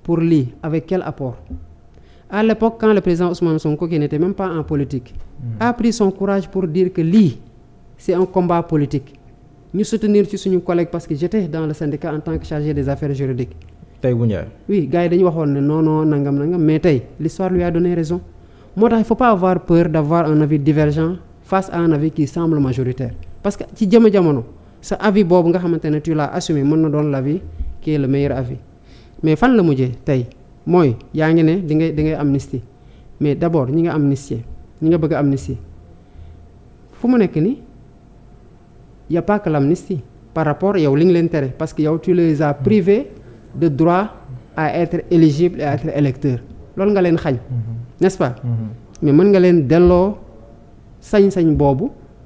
pour lii avec quel apport à l'époque quand le président Ousmane Sonko qui n'était même pas en politique mmh. son courage pour dire que lii c'est un combat politique ñu soutenir ci suñu collègue parce que j'étais dans le syndicat en tant que chargé des affaires juridiques tey bu ñëwee oui gars dañu waxoon ne non non nangam nangam mais tey l'histoire lui a donné raison moo tax il faut pas avoir peur d'avoir un avis divergent face semble majoritaire parce que ci jëm jamono sa avis boobu nga xamante ne tu l'as assumé mën na doon l'avis qui est le meilleur avis mais fan la mujjee tey mooy yaa ngi ne di ngay di ngay amnistie mais d'abord ñi nga amnistier ñi nga bëgg am amnistier fu mu nekk ni y a pas que l'amnistie par rapport yow li nga leen tere parce que yow tu les as privés de droit à être éligible et à électeur loolu nga leen xañ mm-hmm. n'est-ce mm-hmm. mais mën nga leen delloo sañ-sañ boobu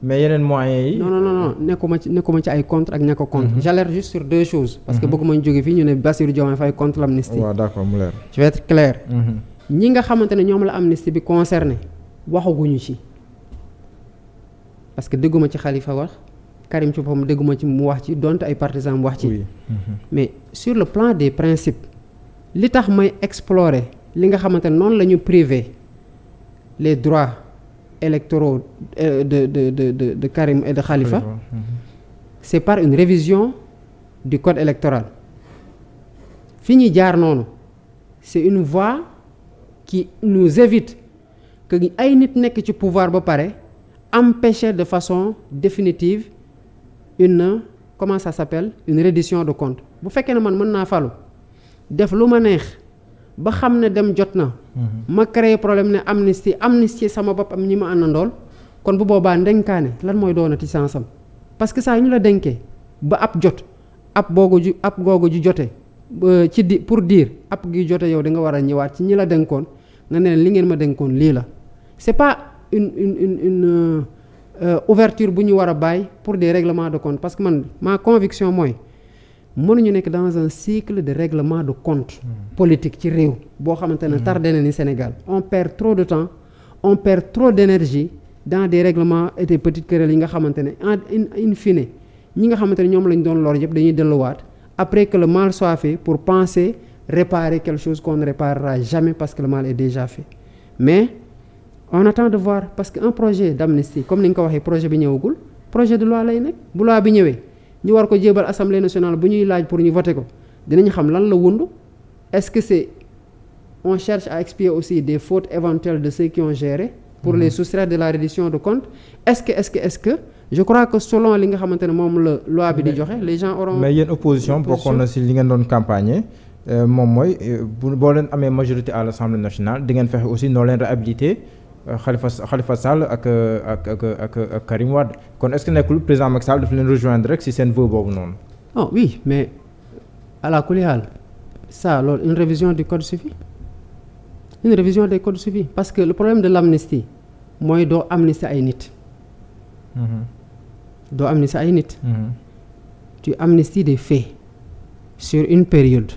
mais yeneen moyens yi. non non nekkuma ci nekkuma ci ay contre ak ñàkk a contre. Mhm. j'alerte juste sur deux choses. parce que mhm. bëgguma ñu jóge fii ñu ne Bassirou Diomaye ay contre l'amnistie. waaw d'accord mu leer. Mhm. ñi nga xamante ne ñoom la amnistie bi concerné waxaguñu ci parce que dégguma ci xalifa wax Karim ci mu dégguma ci mu wax ci dont ay partisans mu wax ci. mais sur le plan des principes li tax may explorer li nga xamante ne noonu lañu ñu privé les droits. électoraux euh, de de de de de Karim et de Khalifa. Mhm. c'est par une révision du code électoral fi ñuy jaar noonu c'est une voie qui nous évite que ay nit nekk ci pouvoir ba pare empêcher de façon définitive une comment ça s'appelle une reddition de compte bu fekkee ne man mën naa falu def lu ma neex. ba xam ne dem jot na. Mhm. ma créer problème ne amnistie amnistie sama bopp ñi ma àndandool kon bu boobaa ndenkaane lan mooy doonati sansam parce que saa yu ñu la denkee ba ab jot ab googu ju ab googu ju jote ci di pour diir ab gi jote yow da nga war a ñëwaat ci ñi la dénkoon nga ne li ngeen ma dénkoon lii la c'est pas une une une une euh, ouverture bu ñu war a bàyyi pour des règlements de compte parce que man ma conviction mooy. mënuñu nekk dans un cycle de règlement de compte hmm. politique ci réew boo xamante ne hmm. tardé na ni Sénégal on perd trop de temps on perd trop d'énergie dans des règlements et des petites yi nga xamante ne en in fine ñi nga xamante ne ñoom lañu doon lor yëpp dañuy delluwaat après que le mal soit fait pour penser réparer quelque chose qu'on ne jamais parce que le mal est déjà fait mais on attend de voir parce que un projet d'amnistie comme ni nga ko waxee projet bi ñëwagul projet de loi lay nekk bu loi bi ñu war ko jébal assemblée nationale bu ñuy laaj pour ñu voter ko dinañ xam lan la wundu est-ce que c'est on cherche à expier aussi des fautes éventuelles de ceux qui ont géré pour mmh. les soustraire de la reddition de compte est-ce que est-ce que que je crois que selon li nga xamante ne moom la loi bi di joxe les gens auront mais yéen opposition bokkoon na si li ngeen doon campagne euh, moom mooy euh, boo leen amee majorité à l'Assemblée nationale di ngeen fexe aussi noo leen réhabilité Khalifa Khalifa Sall ak ak ak ak ak Karim Wade kon est-ce que nekkul président Macky Sall daf leen rejoindre rek si seen vœu boobu noonu. oh oui mais à la kuliyaal ça loolu une révision du code suffit une révision des codes suffit parce que le problème de l'amnistie mooy doo amnistie ay nit. Mhm. doo amnistie ay nit. Mhm. tu amnisties des faits sur une période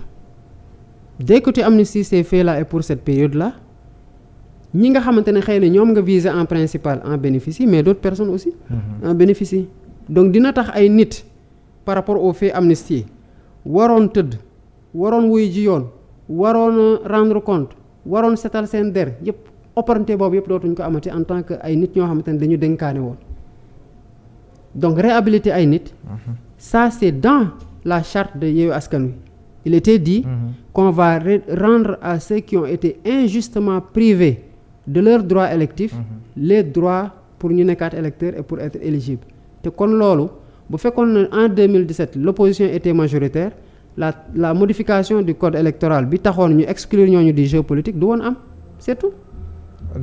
dès que tu amnisties ces faits là et pour cette période là. ñi nga xamante ne xëy na ñoom nga visé en principal en bénéficie mais d'autres personnes aussi mhm. en bénéficient donc dina tax ay nit par rapport au fait amnistie waroon tëdd waroon wuy ji yoon waroon rendre compte waroon setal seen der yëpp opportunité boobu yëpp dootuñ ko amati en tant que ay nit ñoo xamante ne dañu dénkaane woon donc réhabiliter ay nit mhm. ça c'est dans la charte de Yewwi Askan Wi il était dit mhm. qu'on va rendre à ceux qui ont été injustement privés de leurs droits électifs mhm. les droits pour ñu nekkaat électeur et pour être éligible te kon loolu bu fekkoon ne en 2017 l' opposition était majoritaire la la modification du code électoral bi taxoon ñu exclure ñooñu du jeu politique du woon am c' est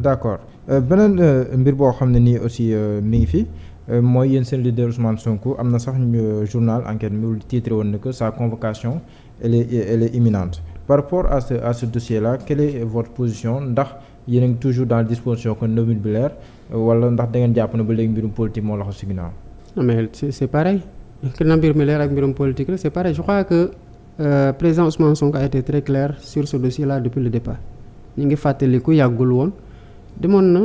d' accord euh, beneen euh, mbir boo xam ne nii aussi euh, mi ngi fi mooy yéen seen leader Ousmane Sonko am na sax journal enquête mi titré woon na que sa convocation elle est elle par rapport à ce à ce dossier la quelle est votre position ndax. yéen ngi toujours dans la disposition que Novine bi leer wala ndax da ngeen jàpp na ba léegi mbirum politique moo laxu si ginnaaw. non mais c' est c' est pareil na mbir mi leer ak mbirum politique la c' est pareil je que euh, président Ousmane Sonko a été très clair sur ce dossier là depuis le départ ñu ngi fàttaliku yàggul woon demoon na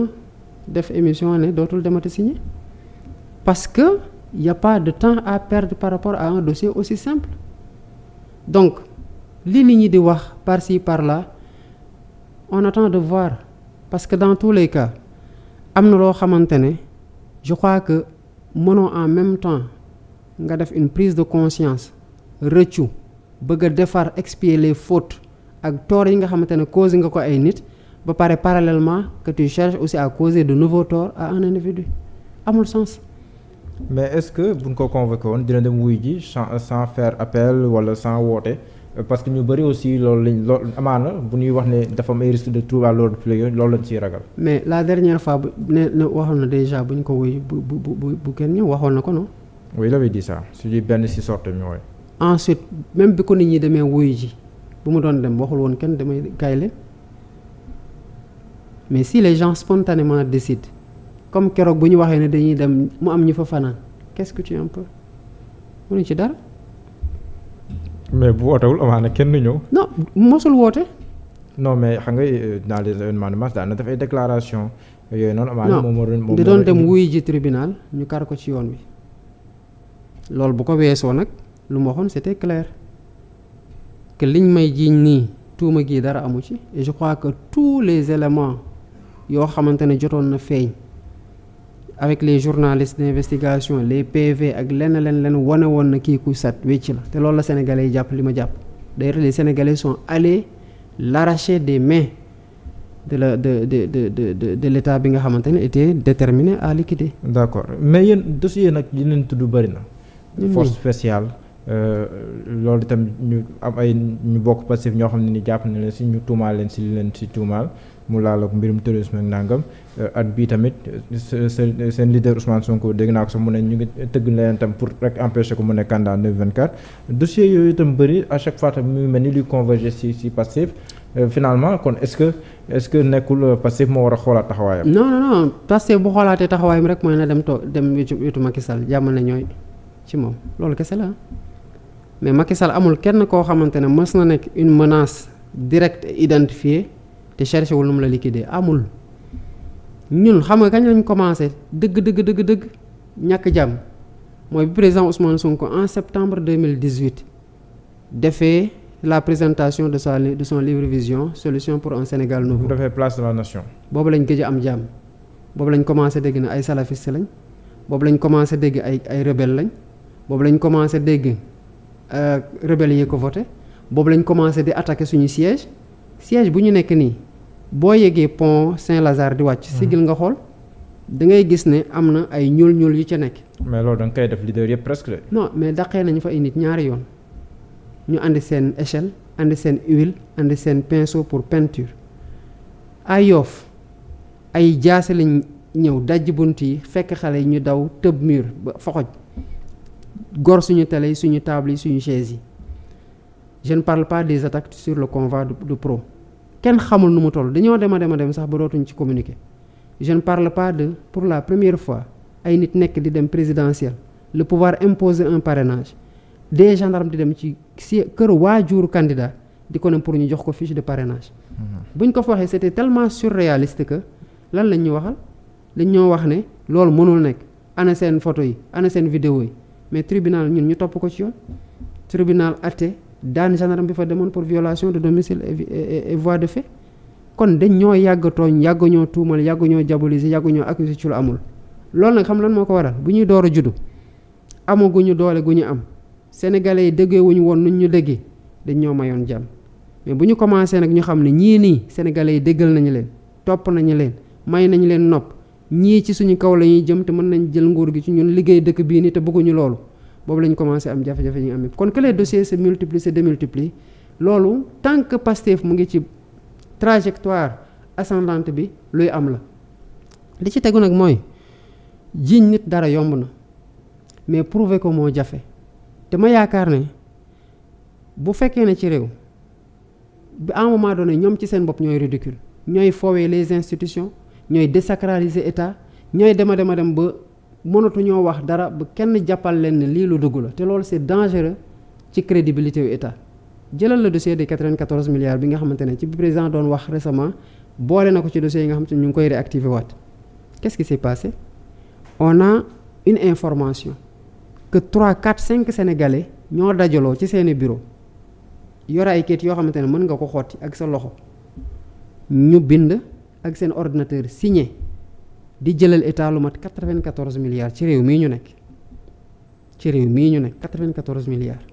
def émission ne dootul demati signé parce que y' a pas de temps à perdre par rapport à un dossier aussi simple donc li nit ñi di wax par ci par là on de voir parce que dans tous les cas am na loo xamante ne je crois que mënoo en même temps nga def une prise de conscience rëccu bëgg a defar expier les fautes ak tort yi nga xamante ne causé nga ko ay nit ba pare parallèlement que tu cherches aussi à causer de nouveaux torts à un individu amul sens. mais est-ce que buñ ko convoqué woon dina dem wuy ji sans sans faire appel wala sans woote. parce que ñu bëri aussi loolu lañ loolu amaana bu ñuy wax ne dafa am ay risque de trouble à l'ordre public loolu lañ ciy ragal. mais la dernière fois bu ne waxoon na déjà bu ñu ko wuy bu bu bu bu kenn ñëw waxoon na ko non. oui il avait dit ça suñuy benn si sorte mi wooy. ensuite même bi ko nit ñi demee wuyu ji bu mu doon dem waxul woon kenn damay gaay leen mais si les gens spontanément décident comme keroog bu ñu waxee ne dañuy dem mu am ñu fa fanaan qu'est-ce que ci dara. mais bu wootewul amaana kenn ñëw. non mosul woote. no mais xam nga euh, dans les événements de masse daan na def déclaration yooyu noonu amaana moom moo doon doon dem wuy ji tribunal ñu kar ko ci yoon wi loolu bu ko weesoo nag lu ma waxoon c'était clair que liñ may jiiñ nii tuuma gii dara amu ci et je crois que tous les éléments yoo xamante ne jotoon na feeñ avec les journalistes d'investigation les PV ak lenn leen leen wane woon na kii ku sat wécc la te loolu la sénégalais yi jàpp li ma jàpp d'ailleurs les sénégalais sont allés l'arracher des mains de la de de de de de, de l'état bi nga xamante ne était déterminé à liquider. d'accord mais yéen dossier nag yi leen tudd bëri na. force spéciale. Euh, loolu itam ñu am ay ñu bokk passif ñoo xam ne ni jàpp na leen si ñu tuumaal leen si li leen si tuumaal. mu laal ak mbirum tourisme ak nangam euh, at bii tamit euh, seen leader Ousmane Sonko dégg naa ko sax mu ne ñu ngi tëgg leneen tam pour rek empêcher ko mu ne candidat 2024 dossier yooyu itam bëri à chaque fois tam mu mel ni luy converger si si Pastef euh, finalement kon est-ce que est-ce que nekkul Pastef moo war a xoolaat taxawaayam. non non non bu xoolaatee taxawaayam rek mooy na dem too dem wetu Macky Sall jàmm na ñooy ci moom loolu kese la mais Macky Sall amul kenn koo xamante ne mës na nekk une menace directe identifiée. te cherché wul nu mu la liquider amul ñun xam nga kañ lañ commencé dëgg dëgg dëgg dëgg ñàkk jàmm mooy bi président Ousmane Sonko en septembre 2018 defee la présentation de sa de son livre vision solution pour un Sénégal nouveau. defee place de la nation. boobu lañ gëj am jàmm boobu lañ commencé dégg na ay salafiste lañ boobu lañ commencé dégg ay ay rebelle lañ boobu lañ commencé dégg euh, rebelle yee ko voté boobu lañ commencé di attaqué suñu siège siège bu ñu nekk nii. boo yegee pont Saint-Lazare di wàcc. Mhm. sigil nga xool da ngay gis ne am na ay ñuul ñuul yu ca nekk. mais loolu da nga def leader yëpp presque. non mais daqee nañu fa ay nit ñaari yoon ñu andi seen échelle indi seen huile indi seen pinceau pour peinture ay yoof ay jaase lañ ñëw dajj bunt yi fekk xale yi ñu daw tëb mur ba foxoj gor suñu tele yi suñu table yi suñu chaise yi je par parle pas des attaques sur le convoi de pro. kenn xamul nu mu toll dañoo dem a dem a dem sax ba dootuñ ci communiquer je par parle pas de pour la première fois ay nit nekk di dem présidentielle le pouvoir imposer un parrainage des gendarmes di dem ci si kër waajuru candidat di ko ne pour ñu jox ko fiche de parrainage. Mhm. buñ ko fa waxee c'était tellement surréaliste que lan lañ ñu waxal dañ ñoo wax ne loolu mënul nekk ana seen photo yi ana seen vidéo yi mais tribunal ñun ñu topp ko ci yoon tribunal atte daani gendarme bi fa demoon pour violation de domicile et voie de fait kon dañ ñoo yàgg tooñ yàgg ñoo tuumal yàgg ñoo diaboliser yàgg ñoo accuser ci lu amul loolu nag xam lan moo ko waral bu ñuy door a juddu amaguñu doole gu ñu am sénégalais yi déggee woon nuñ ñu déggee dañ ñoo mayoon jàmm mais bu ñu commencé nag ñu xam ne ñii nii sénégalais yi déggal nañu leen topp nañu leen may nañu leen nopp ñii ci suñu kaw la jëm te mën nañu jël nguur gi ci ñun liggéey dëkk bii nii te bëgguñu loolu boobu la ñu commencé am jafe-jafe yi nga am kon que les dossiers se multiplient se démultiplient loolu tant que Pastef mu ngi ci trajectoire ascendante bi luy am la li ci tegu nag mooy jiiñ nit dara yomb na mais prouver ko moo jafe te ma yaakaar ne bu fekkee ne ci réew bi à un moment donné ñoom ci seen bopp ñooy ridicule ñooy foowee les institutions ñooy désacraliser état ñooy dema dema dem ba mënatuñoo wax dara ba kenn jàppal leen ne lii lu dugg la te loolu c'est dangereux ci crédibilité wu état jëlal la dossier de 94 milliards bi nga xamante ne ci président doon wax récemment boole na ko ci dossier yi nga xamante ne ñu ngi koy réactiver waat qu'est-ce qui s'est passé on a une information que 3 4 5 sénégalais ñoo dajaloo ci seeni bureau yore ay kayit yoo xamante ne mën nga ko xotti ak sa loxo ñu bind ak seen ordinateur signé. di jëlal état lu mat 94 milliards ci réew mii ñu nekk ci réew mii ñu nekk 94 milliards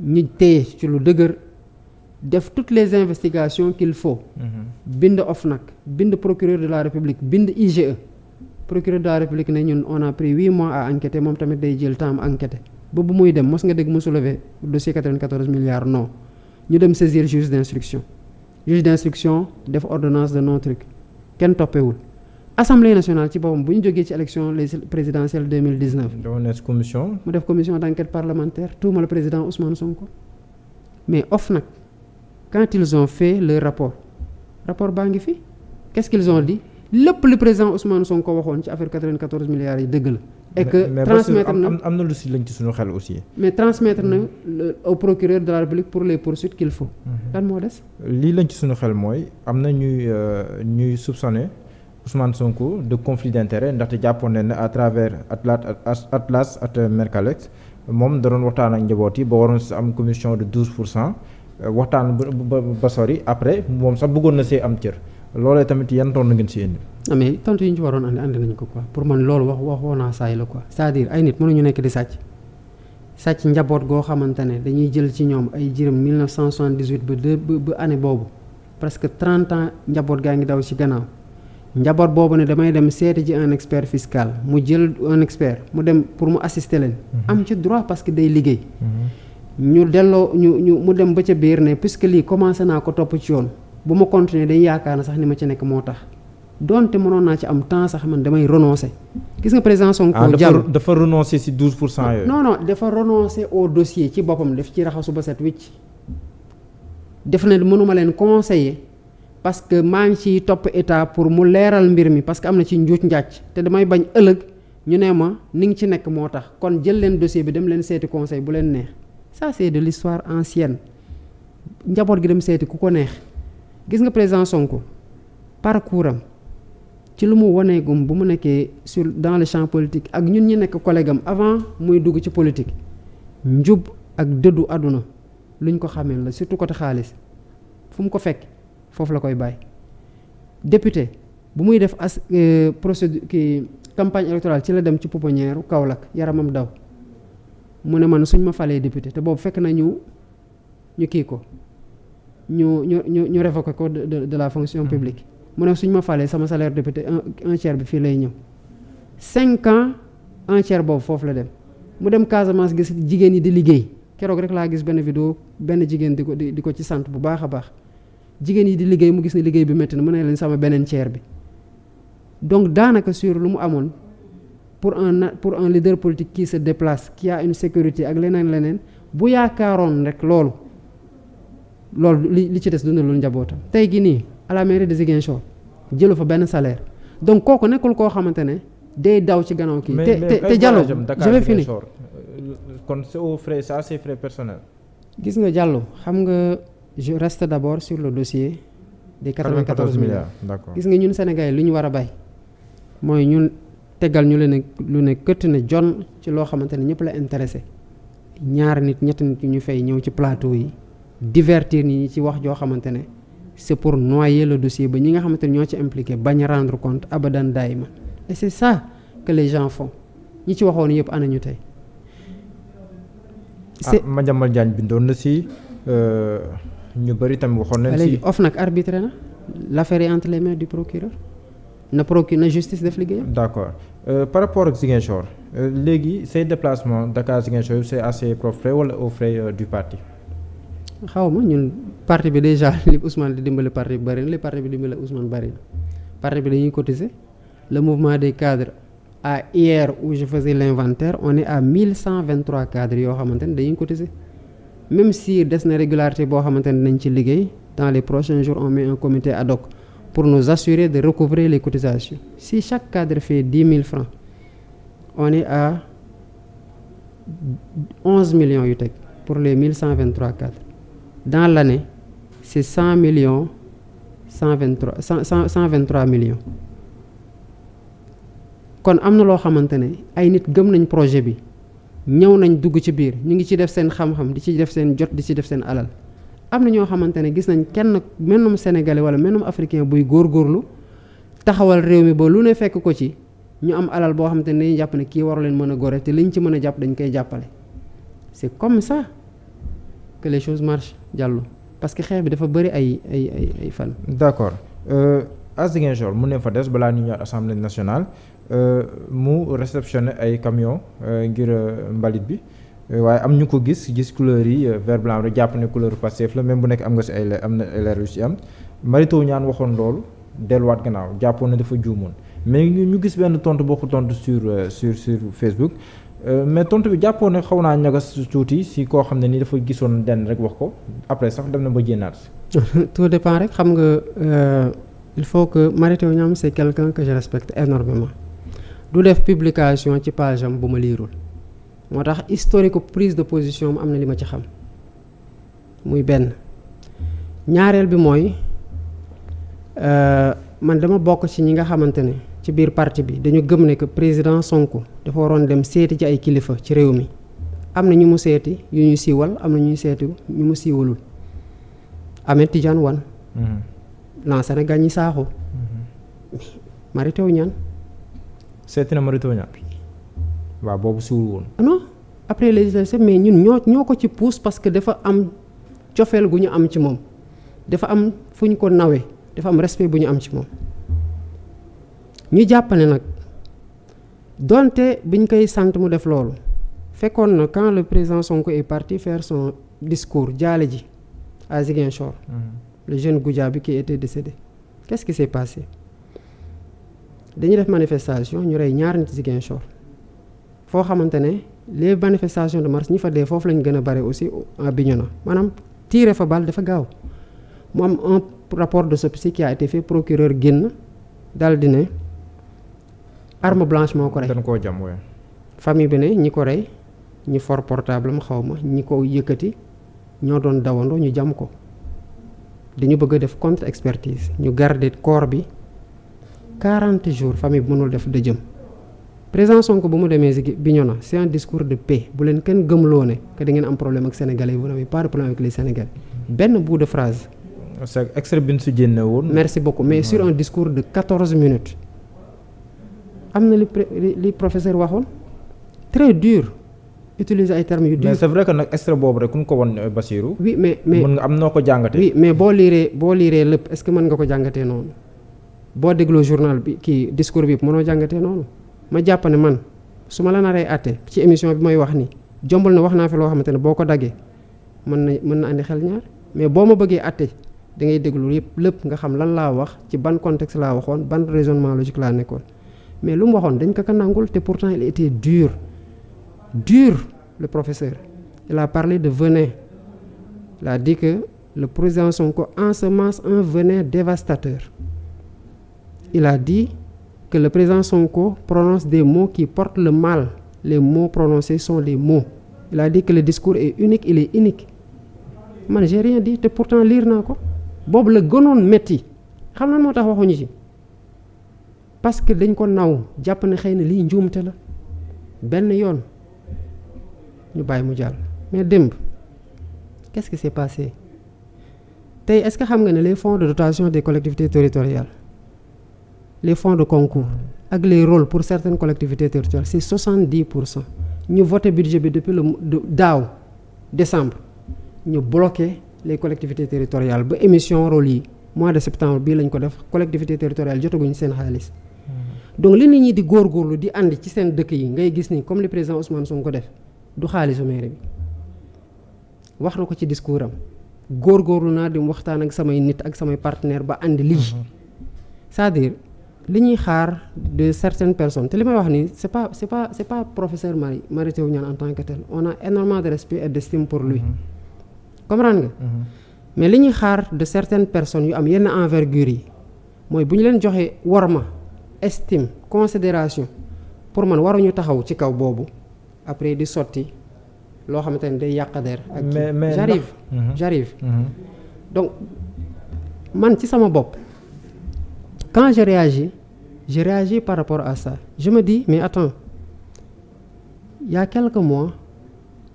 ñu téye ci lu dëgër def toutes les investigations qu'il faut mhm. bind OFNAC bind procureur de la République bind IGE procureur de la République ne ñun on a pris huit mois à enquêter moom tamit day jël temps enquêter ba bu muy dem mos nga dégg mu soulever dossier 94 milliards non ñu dem saisir juge d'instruction juge d'instruction def ordonnance de non truc kenn toppewul assemblée nationale ci boppam bu ñu jógee ci élection présidentielle 2019. mu def commission. mu def commission parlementaire tuuma le président Ousmane Sonko. mais OFNAC quand ils ont fait leur rapport rapport baa ngi fi qu' est ce qu' ils ont dit lépp lu président Ousmane Sonko waxoon ci affaire 94 milliards yi dëgg la. et que transmettre na am na lu si lañ ci suñu xel aussi. mais transmettre na hmm. au procureur de la République pour les poursuites qu'il faut. Hmm. lan moo des. lii lañ xel mooy am na ñuy euh, ñuy soupçonné. Ousmane Sonko de conflit d'intérêt ndaxte jàppoon nañ ne à travers Atlas Atlas at Mercalex moom da doon waxtaan ak njaboot yi ba waroon si am commission de 12 pour cent euh, waxtaan ba ba sori après moom sax bëggoon na see am cër loolee tamit yan tontu ngeen si indi. mais tontu yi ñu ci waroon andi andi nañ ko quoi pour man loolu wax waxoon naa saay la quoi cest à ay nit mënuñu nekk di sàcc sàcc njaboot goo xamante ne dañuy jël ci ñoom ay jërëm 1978 ba deux ba année boobu presque 30 ans njaboot gaa ngi daw ci gannaaw. njaboot boobu ne damay dem seeti ci un expert fiscal mu jël un expert mu dem pour mu assister leen. Mhm. am ci droit parce que day liggéey. Mhm. ñu delloo ñu ñu mu dem ba ca biir ne puisque lii commencé naa ko topp ci yoon bu ma continuer day yaakaar na sax ni ma ci nekk moo tax donte mënoon naa ci am temps sax man damay renoncer. gis nga président Sonko ah, jàll dafa renoncer si 12 pour cent yooyu. non non dafa renoncer au dossier ci boppam def ci raxasu ba set wicc def na mënuma leen conseiller. parce que maa ngi ciy topp état pour mu leeral mbir mi parce que am na ci njuuj njàcc te damay bañ ëllëg ñu ne ma ni ngi ci nekk moo tax kon jël leen dossier bi dem leen seeti conseil bu leen neex ça c'est de l'histoire ancienne njaboot gi dem seeti ku ko neex gis nga président Sonko parcours am ci lu mu waneegum bu mu nekkee sur dans le champ politique ak ñun ñi nekk collègue am avant muy dugg ci politique njub ak dëddu àdduna luñ ko xamee la surtout côté xaalis fu mu ko fekk foofu la koy bàyyi député bu muy def as euh, procédure ki campagne électorale ci la dem ci pouponnière Kaolack yaramam daw mu ne man suñ ma falee député te boobu fekk na ñu ñu kii ko ñu ñu ñu ñu révoqué ko de de la fonction hmm. publique mu ne suñ ma falee sama salaire député un tiers bi fii lay ñëw cinq ans un boobu foofu la dem mu dem Casamance gis jigéen yi di liggéey keroog rek laa gis benn vidéo benn jigéen di ko di ko ci sant bu baax a baax jigéen yi di liggéey mu gis ne liggéey bi métti na mu ne leen sama beneen tiers bi donc daanaka sur lu mu amoon pour un pour un leader politique qui se déplace qui a une sécurité ak leneen leneen bu yaakaaroon rek loolu loolu li li ci des dundalul njabootam. tey gi nii à la mairie de jëlu fa benn salaire donc kooku nekkul koo xamante ne day daw ci gannaaw kii. te te te Diallo je vais euh, kon c'est au frais ça c'est frais personnel. gis nga Diallo xam nga. je reste d'abord sur le dossier des 94 milliards d'accord gis nga ñun Sénégal lu ñu war a bay mooy ñun tegal ñu leen lu ne këtt ne jon ci loo xamante ne ñëpp la intéressé ñaar nit ñetti nit ñu fay ñëw ci plateau yi divertir nit ñi ci wax joo xamante ne c'est pour noyer le dossier ba ñi nga xamante ne ñoo ci impliqué bañ a rendre compte abadan ma et c'est ça que les gens font ñi ci waxoon yëpp ana ñu tey. c'est ah Madiambal bindoon na si. ñu bëri tamit waxoon nañ si léegi nag arbitré na l'affaire est entre les mains du procureur na procureur na justice def liggéeyam. d'accord euh, par rapport ak Ziguinchor euh, léegi say déplacement Dakar Ziguinchor c'est assez propre wala au frais euh, du parti. xaw ma ñun parti bi déjà li Ousmane di dimbali parti bi bëri na li parti bi dimbali Ousmane bëri na parti bi dañuy cotiser le mouvement des cadre à hier ou je faisais l'inventaire on est à mille cent vingt-trois cadres yoo xamante ne dañuy cotiser. même si des na régularité boo xamante ne nañ ci liggéey dans les prochains jours on met un comité ad hoc pour nous assurer de recouvrer les cotisations si chaque cadre fait dix mille francs on est à onze millions yu teg pour les mille cent vingt trois cadres dans l' année c' cent millions cent vingt trois cent vingt trois millions kon am na loo xamante ne ay nit gëm nañ projet bi. ñëw nañ dugg ci biir ñu ngi ci def seen xam-xam di ci def seen jot di ci def seen alal am na ñoo xamante ne gis nañ kenn mennum sénégalais wala mennum africain buy góor góorlu taxawal réew mi ba lu ne fekk ko ci ñu am alal boo xamante ne ni jàpp ne kii waru leen mën a gore te liñ ci mën a jàpp dañ koy jàppale c'est comme ça que les choses marchent jàllu parce que xeex bi dafa bëri ay ay ay ay fan. d'accord à euh, Ziguinchor mu ne fa des balaa ñu ñëwaat assemblée nationale. Euh, mu réceptionné ay camion euh, ngir euh, mbalit bi waaye am ñu ko gis gis couleur yi vert blanc rek jàpp ne couleur Pastef la même bu nekk am nga si ay leer am na ay leer yu si am marito ñaan waxoon loolu delluwaat gannaaw jàppoon ne dafa juumoon mais ñu gis benn tontu boo ko tontu sur sur sur Facebook mais tontu bi jàppoon ne xaw naa ñagas tuuti si koo xam ne ni dafa gisoon den rek wax ko après sax dem na ba jénnaat tout dépend rek xam nga il faut que Mary Teuw Niane c'est quelqu'un que je du def publication ci page bu ma liirul moo tax historique prise de position am na li ma ci xam muy benn ñaareel bi mooy euh, man dama bokk ci ñi nga xamante ne ci biir parti bi dañu gëm ne que président Sonko dafa waroon dem seeti ci ay kilifa ci réew mi am na ñu mu seeti yu ñu siiwal am na ñuy seeti ñu mu siiwalul Ahmed Tidiane Wane. Mm-hmm. Lansana Gagny Sakho. Mm-hmm. Mary Teuw Niane. seeti na Mauritanie bi waaw boobu suur woon. non après législative mais ñun ñoo ñoo ko ci pousse parce que dafa am cofeel gu ñu am ci moom dafa am fu ñu ko nawee dafa am respect bu ñu am ci moom ñu jàppane nag donte biñ koy sant mu def loolu fekkoon na quand le président Sonko est parti faire son discours jaale ji à Ziguinchor. Mm-hmm. le jeune Goudiaby bi qui était décédé qu'est-ce qui dañuy def manifestation ñu rey ñaar nit Ziguinchor foo xamante ne les manifestations de mars ñi fa dee foofu lañ gën a bare aussi à na maanaam tiire fa bal dafa gaaw mu am un rapport de autopsie qui a été procureur génn daal di ne arme blanche moo ko rey. koo jam famille bi ne ñi ko rey ñi for portable am xaw ma ñi ko yëkkati ñoo doon dawandoo ñu jàmm ko dañu bëgg a def contre expertise ñu garder corps bi. 40 jours famille bi mënul def dëjëm président Sonko bu mu demee si Bignona c'est un discours de paix bu leen kenn gëmloo ne que ngeen am problème ak sénégalais vous n'avez pas de problème avec les sénégalais benn bout de phrase. c'est extrait bi ñu si génne woon. merci beaucoup mais sur un discours de 14 minutes am na li li professeur waxoon très dur. utiliser ay termes yu dur mais c'est vrai que nag extrait boobu rek ku mu ko woon euh, Basirou. oui mais mais mën nga noo ko jàngatee. mais boo liiree boo liiree lépp ce que mën nga ko jàngatee noonu. boo dégloo journal bi kii discours bi mënoo jàngatee noonu ma jàpp ne man su ma la naree àtte ci émission bi may wax ni jombal na wax naa fi loo xamante ne boo ko daggee mën na mën na indi xel ñaar mais boo ma bëggee àtte da ngay déglu yëpp lépp nga xam lan laa wax ci ban contexte laa waxoon ban raisonnement logique laa nekkoon mais lu mu waxoon dañ ko ko nangul te pourtant il était dur dur le professeur il a parlé de venin il a dit que le président Sonko ensemence un venin dévastateur il a dit que le président Sonko prononce des mots qui portent le mal. Les mots prononcés sont des mots. Il a dit que le discours est unique, il unique. man j'ai rien dit te pourtant liir naa ko boobu la gënoon métti xam na moo tax waxuñu ci parce que dañ ko naw jàpp na xëy na lii njuumte la benn yoon ñu bàyyi mu jàll mais démb qu'est-ce qui s'est passé tey est xam nga ne les fonds de dotation des collectivités territoriales les fonds de concours ak les role pour certaines collectivités territoriales c'est 70 pour cent ñu voté budget bi depuis le daaw décembre ñu bloqué les collectivité territoriales ba émission rôle yi mois de septembre bii lañ ko def collectivités territoriales jotaguñu seen xaalis hmm. donc li nit ñi di góor góorlu di indi ci seen dëkk yi ngay gis ni comme le président Ousmane Sonko ko def du xaalisu maire bi wax na ko ci discours am góorgóorlu naa di waxtaan ak samay nit ak samay partenaire ba ànd lii hmm. cest à li ñuy xaar de certaines personnes te li may wax nii c'est pas c'est pas c'est pas professeur Marie Marie Théou Niane en tant que tel on a énormément de respect et d'estime pour lui mhm. comprendre nga mhm. mais li ñuy xaar de certaines personnes yu am yenn envergure yi mooy bu ñu leen joxee warma estime considération pour man ñu taxaw ci kaw boobu après di sotti loo xamante ne day yàq der ak j'arrive mhm. j'arrive donc man ci sama bopp quand je réagis, je réagis par rapport à sa Je me dis, mais attends, il y mois,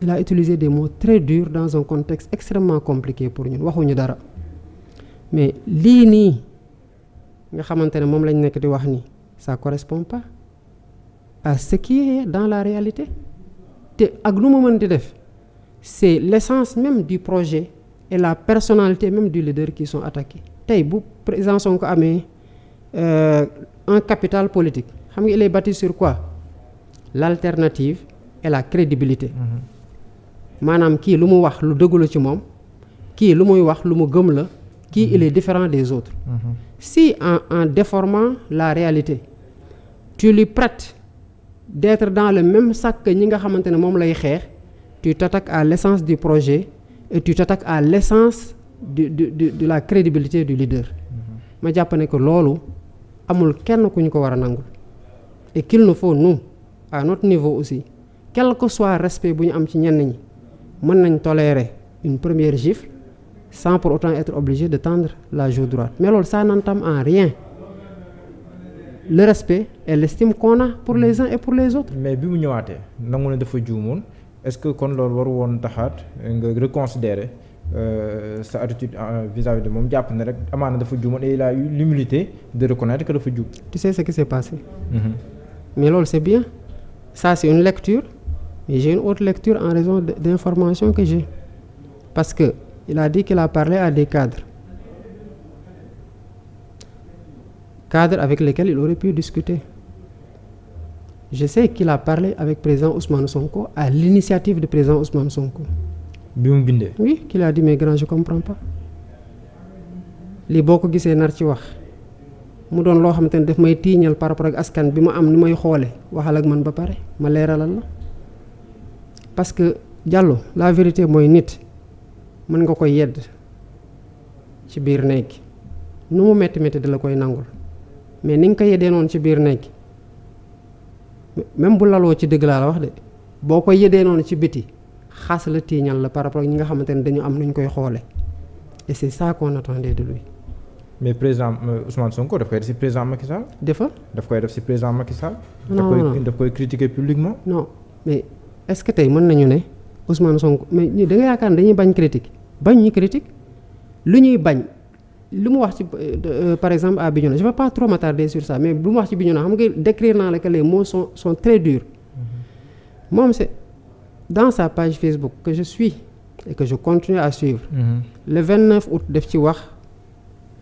il utiliser des mots très dures dans un contexte extrêmement compliqué pour ñun waxuñu dara mais lii nii nga xamante ne moom lañu nekk di wax nii ça correspond pas à ce qui est dans la réalité te ak lu ma mën di def c'est l'essence même du projet et la personnalité même du leader qui sont attaqués tey bu président ko amee euh, un capital politique xam nga il est bâti sur quoi l'alternative et la crédibilité mm-hmm. maanaam kii lu mu wax lu dëggu la ci moom kii lu muy wax lu mu gëm la kii il mm-hmm. est différent des autres mmh. si en en déformant la réalité tu lui prêtes d'être dans le même sac ñi nga xamante ne moom lay xeex tu t'attaques à l'essence du projet et tu à lessance du de de la crédibilité du leader mm-hmm. ma jàpp ne que loolu amul kenn ku ñu ko war a nangul et qu'il nous faut nous à notre niveau aussi quel que soit respect bu ñu am ci ñenn ñi mën nañ tolérer une première gifle sans pour autant être obligé de tendre la joue droite mais loolu ça en rien le respect et l'estime qu'on a pour les uns et pour les autres. mais bi mu ñëwaatee nangu ne dafa juumoon est-ce que kon loolu waru woon taxaat nga reconsidérer Euh, sa attitude euh, vis-à-vis de moom jàpp ne rek amaana dafa juumoon et il a eu l'humilité de reconnaître que dafa juum. tu sais ce qui s'est passé. Mhm. mais loolu c'est bien ça c'est une lecture mais j'ai une autre lecture en raison d'informations que j'ai parce que il a dit qu'il a parlé à des cadres cadres avec lesquels il aurait pu discuter je sais qu'il a parlé avec président Ousmane Sonko à l'initiative de président Ousmane Sonko. bi mu bindee. oui qui l'a dit grand je comprends lii boo ko gisee nar ci wax mu doon loo xamante ne daf may tiiñal par rapport ak askan bi ma am ni may xoole waxal ak man ba pare ma leeralal la parce que Diallo la vérité mooy nit mën nga ko yedd ci biir néeg nu mu metti métti da la koy nangul mais ni nga ko yeddee noonu ci biir néeg même bu laloo ci dëgg laa la wax de boo koy yeddee noonu ci biti. xas la tiiñal la par rapport ak ñi nga xamante ne dañu am nu ñu koy xoole et c'est ça qu'on attendait de lui. mais président euh, Ousmane Sonko daf koy def ci président Macky Sall. defa daf koy def ci président Macky Sall. non daf koy daf koy critiquer publiquement. non mais est-ce que tey mën nañu ne Ousmane Sonko mais ñun da nga yaakaar ne dañuy bañ critique bañ ñu critique lu ñuy bañ lu mu wax ci euh, euh, par exemple à Bignona je ne vais pas trop m'attarder sur ça mais lu mu wax ci Bignona xam nga décrire naa la que les mots sont sont très dans sa page Facebook que je suis et que je continue à suivre mm -hmm. le 29 def ci wax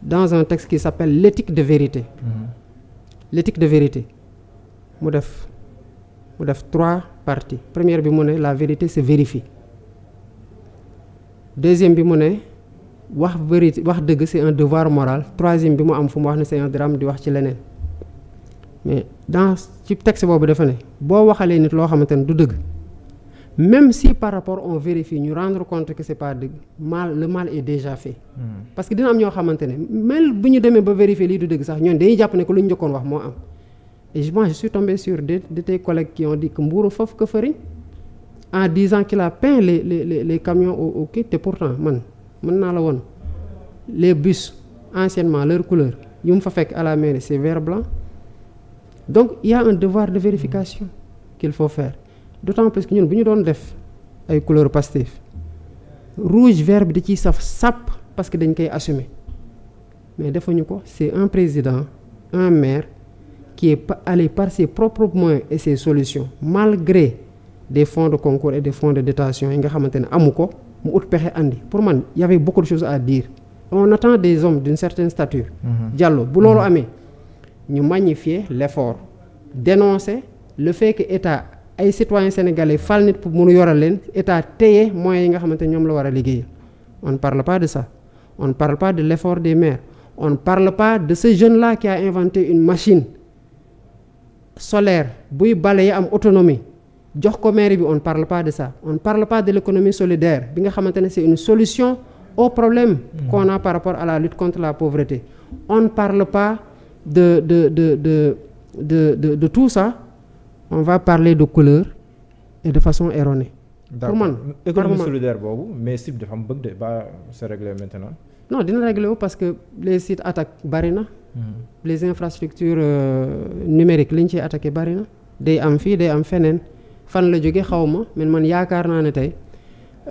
dans un texte qui s'appelle l'éthique de vérité mm de vérité mu def mu def trois parties première bi mu ne la vérité se vérifie deuxième bi mu ne wax vérité wax dëgg c'est un devoir moral troisième bi mu am fu mu wax ne c'est un drame di wax ci leneen mais dans ci texte boobu defa ne boo waxalee nit loo xamante ne du dëgg même si par rapport on vérifie ñu rendre compte que c'est pas dëgg mal le mal est déjà fait. Hmm. parce que dina am ñoo xamante ne même bu ñu demee ba vérifier lii du dëgg sax ñoom dañuy jàpp ne ko lu ñu njëkkoon wax moo am. et moi je suis tombé sur des de tes collègues qui ont dit que mbuuru foofu que fëriñ en dix qu'il a peint les les les, les camions au au kit te pourtant man mën naa la woon les bus anciennement leur couleur yu mu fa fekk à la mairie c'est vert blanc donc il y a un devoir de vérification qu'il faut d'autant plus que ñun bu ñu doon def ay couleur Pastef rouge vert bi da ciy saf sàpp parce que dañ koy assumer mais defuñu ko c'est un président un maire qui est allé par ses propres moyens et solution solutions malgré des fonds de concours et des fonds de dotation yi nga xamante ne amu ko mu ut pexe indi pour man y avait beaucoup à dire on attend des hommes d'une certaine stature mhm. Diallo bu loolu mhm. amee ñu magnifier l'effort dénoncer le fait état ay citoyens sénégalais fal nit pour mënu yoral leen état téye moyens yi nga xamante ñoom la war a liggéey on parle pas de ça on ne parle pas de l'effort des maires on ne parle pas de ce jeune là qui a inventé une machine solaire buy bale balayer am autonomie jox ko maire bi on ne parle pas de ça on ne parle pas de l'économie solidaire bi nga xamante ne c'est une solution au problème qu'on par rapport à la lutte contre la pauvreté on ne parle pas de de de de de de, de, tout ça on va parler de couleur et de façon erronée. pour man économie solidaire boobu mais SIP dafa am bëgg de ba se régler maintenant. non dina régler wu parce que les sites attaques bari na. Mhm. les infrastructures euh, numériques li ñu ciy attaqué bari na. day am fii day am feneen fan la jóge xaw ma mais man yaakaar naa ne tey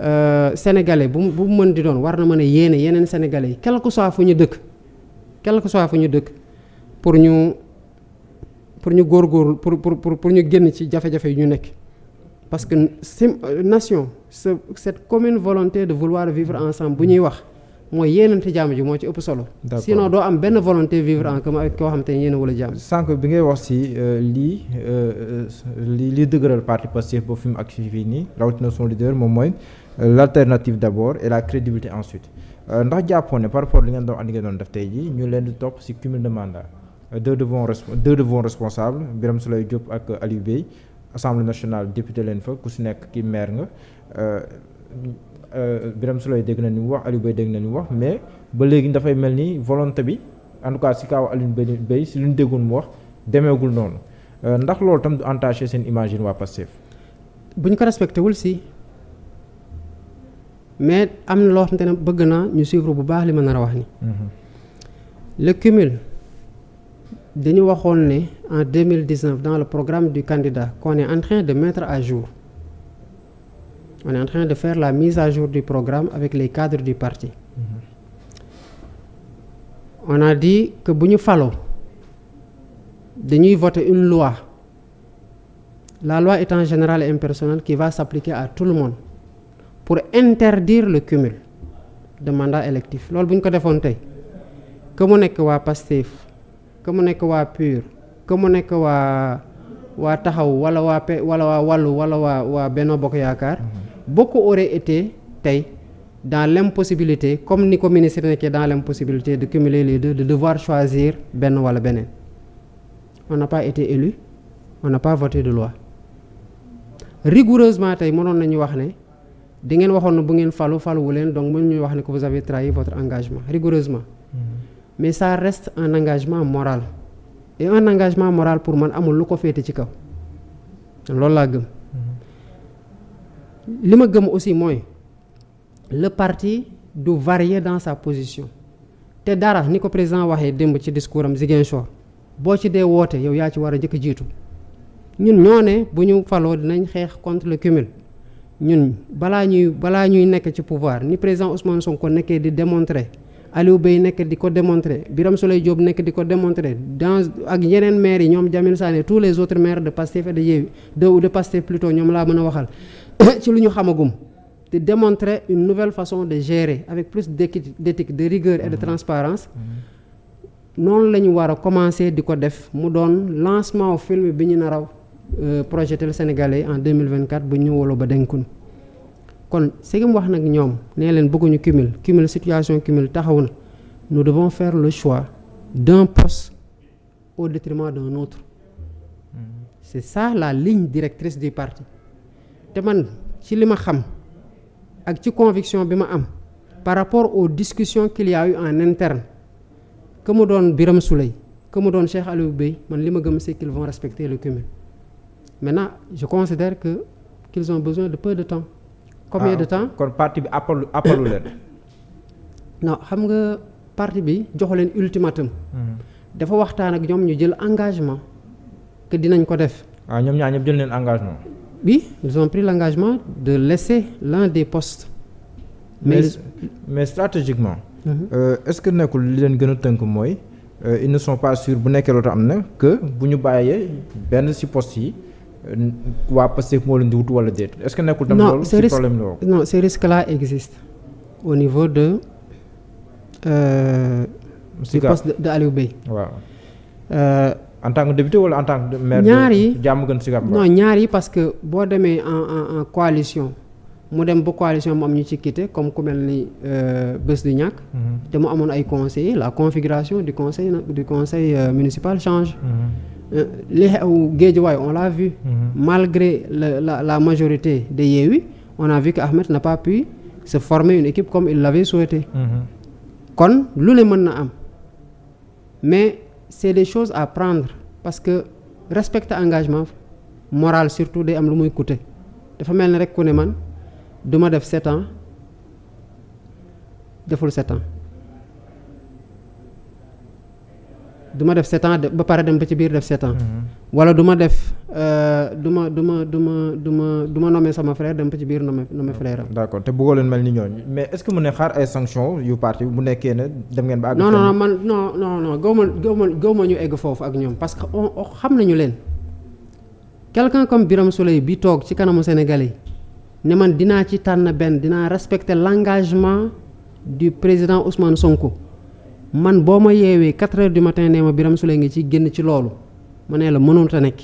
euh, sénégalais bu bu mën di doon war na mën a yéene yeneen sénégalais yi quel que soit fu ñu dëkk quel que soit fu ñu dëkk pour ñu pour ñu góor pour pour pour pour ñu génn ci jafe-jafe yu ñu nekk parce que sim nation ce cette commune volonté de vouloir vivre ensemble bu ñuy wax mooy yéenante jàmm ji moo ci ëpp solo. sinon doo am benn volonté vivre en commun ak koo xam te ne yéen a wala jàmm. sànq bi ngay wax si euh, lii euh, li li dëgëral parti Pastef ba fi mu ak fii nii rawatina son leader moom mooy euh, l'alternative d'abord et la crédibilité ensuite ndax jàppoon par rapport li ngeen doon andi ngeen tey jii ñu leen di topp si cumul de mandat. deux de bons deux de bons responsables Birame Souleye Diop ak Aliou Bey assemblée nationale député leen fa ku si nekk ki maire nga euh, euh, Birame Souleye dégg na ni mu wax Aliou Bey dégg na ni mu wax mais ba léegi dafay mel ni volonté bi en tout cas si kaw Aliou Bey si lu ñu déggoon mu wax demeegul noonu euh, ndax loolu tam du entaché seen image waa Pastef. bu ñu ko respecté wul si mais am na loo xamante bëgg naa ñu suivre bu baax li ma nar a wax ni mm-hmm. dañu waxoon ne en 2019 dans le programme du candidat qu'on est en train de mettre à jour on est de faire la mise à jour du programme avec les cadres du parti mmh. di a bu ñu falo dañuy voter une loi la loi étant générale et impersonnelle qui va s'appliquer à tout le monde pour interdire le cumul de mandats électifs loolu bu ko defoon tey que mu nekk waa PASTEF que mu nekk waa PUR que mu nekk waa waa taxaw wala waa pe wala waa wàllu wala waa waa Benno Bokk Yaakaar mhm. beaucoup aurait été tey lem possibilité comme ni ko ministre nekkee dans l'impossibilité de cumuler les deux de devoir choisir benn wala beneen on n'a pas été élu on n'a pas voté de loi rigoureusement tey mënoon nañu wax ne di ngeen waxoon na bu ngeen falu faluwu leen donc mënuñu wax ne que vous avez trahi votre engagement rigoureusement mhm. mais ça rest un engagement moral et un engagement moral pour man amul lu ko féete ci kaw loolu laa gëm mhm. li ma gëm aussi mooy le parti du varier dans sa position te dara ni ko président waxee démb ci discours am Ziguinchor boo ci dee woote yow yaa ci war a jëkk jiitu ñun ñoo ne bu ñu faloo dinañ xeex contre le cumul ñun balaa ñuy balaa ñuy nekk ci pouvoir ni président son Sonko nekkee di démontrer Aliou Bey nekk di ko démontrer Birame Souleye Diop nekk di ko démontrer dans ak yeneen maires yi ñoom Jamil Sané tous les autres maires de Pastef et de Yewwi de ou de Pastef plutôt ñoom laa mën a waxal ci lu ñu xamagum te démontrer une nouvelle façon de gérer avec plus d'éthique de rigueur et de mm-hmm. transparence mm-hmm. noonu la ñu war a commencer di ko def mu doon lancement film bi ñu naraw euh, projeté le Sénégalais en 2024 bu wolo ba denkun kon segim wax nag ñoom nee leen bëgguñu cumul cumul situation cumul taxaw na nous devons faire le choix d'un poste au détriment d'un autre hmm. c'est ça la ligne directrice du parti te man ci li ma xam ak ci conviction bi ma am par rapport au discussions qu'il y en interne que mu doon biram Souleye ku mu doon Cheikh Aliou Bey man li ma gëm c'est qu'ils vont respecter le cumul maintenant je considère que qu'ils ont besoin de peu de temps combien ah, de temps kon parti bi appalu appalu leen. non xam nga parti bi joxu leen ultimatum. Hmm. dafa waxtaan ak ñoom ñu jël engagement que dinañ ko def. waaw ah, ñoom ñaar ñëpp jël leen engagement. oui ils ont pris l' engagement de laisser l'un des postes. mais mais, mais stratégiquement. Mm -hmm. Euh, est ce que nekkul li leen gën a tënk mooy euh, ils ne sont bu nekkee loolu am na que bu ñu bàyyee benn ci poste yi. Euh, waa Pastef moo leen di wut wala déet est-ce que nekkul tam loolu ci ce risque là existe au niveau de euh, du poste de, de Aliou Bey euh, en tant que député wala en tant que maire ñaar jàmm gën Sicap non ñaar yi parce que boo demee en en coalition mu dem ba coalition mu am ñu ci quitté comme ku mel ni euh, bés du ñàkk. Mhm. te mu amoon ay conseillers la configuration du conseil du conseil municipal change. Mhm. Euh, li xew Guédiawaye on l'a vu. Mm-hmm. malgré la la la majorité de Yewwi on a vu que Ahmed n'a pas pu se former une équipe comme il l'avait souhaité. Mm-hmm. kon lu ne mën na am mais c'est des choses à prendre parce que respecter engagement moral surtout day am lu muy coûter dafa mel ni rek ku ne man duma def set ans deful sept ans. duma ma def sept ba pare dem ba ci biir def sept ans. Mhm. wala du ma def euh, du ma du ma du ma du ma du ma nommé sama frère dem ba ci biir nommé nommé frère am. d' accord te bëggoo leen mel ni ñooñu mais est ce que ay sanctions yu parti bu nekkee ne dem ngeen ba. àgg man non non non ma gaw ma gaw ma ñu egg foofu ak ñoom parce que on xam nañu leen quelqu'un comme biram Souleye bi toog ci kanamu Sénégalais yi ne man dinaa ci tànn benn dinaa respecter l' engagement du président Ousmane Sonko. man boo ma yeewee 4 heures du matin nee ma Birame Souleye ngi ci génn ci loolu ma ne la mënut a nekk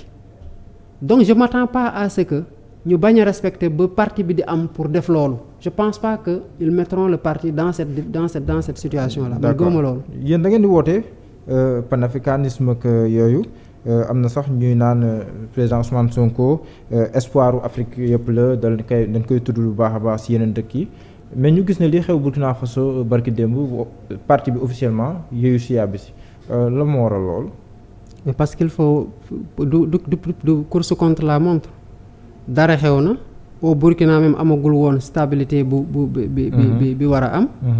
donc je m'attends pas à que ñu bañ a respecter ba parti bi di am pour def loolu je pense pas que ils mettront le parti dans cette dans cette dans cette situation la d'accord man gëmuma loolu. yéen da ngeen di woote euh, panafricanisme ak euh, yooyu. Euh, am na sax ñuy naan président Ousmane Sonko espoiru Afrique yëpp la dañ koy dañ koy tudd lu baax a baax si yeneen dëkk yi. mais ñu gis ne li xew Burkina Faso euh, barki démb euh, parti bi officiellement yooyu si yàbbi si la moo waral lool. parce qu'il faut du du du du course contre la montre dara xew na au Burkina même amagul woon stabilité bu bu bi bi bi mhm. war a am. Mhm.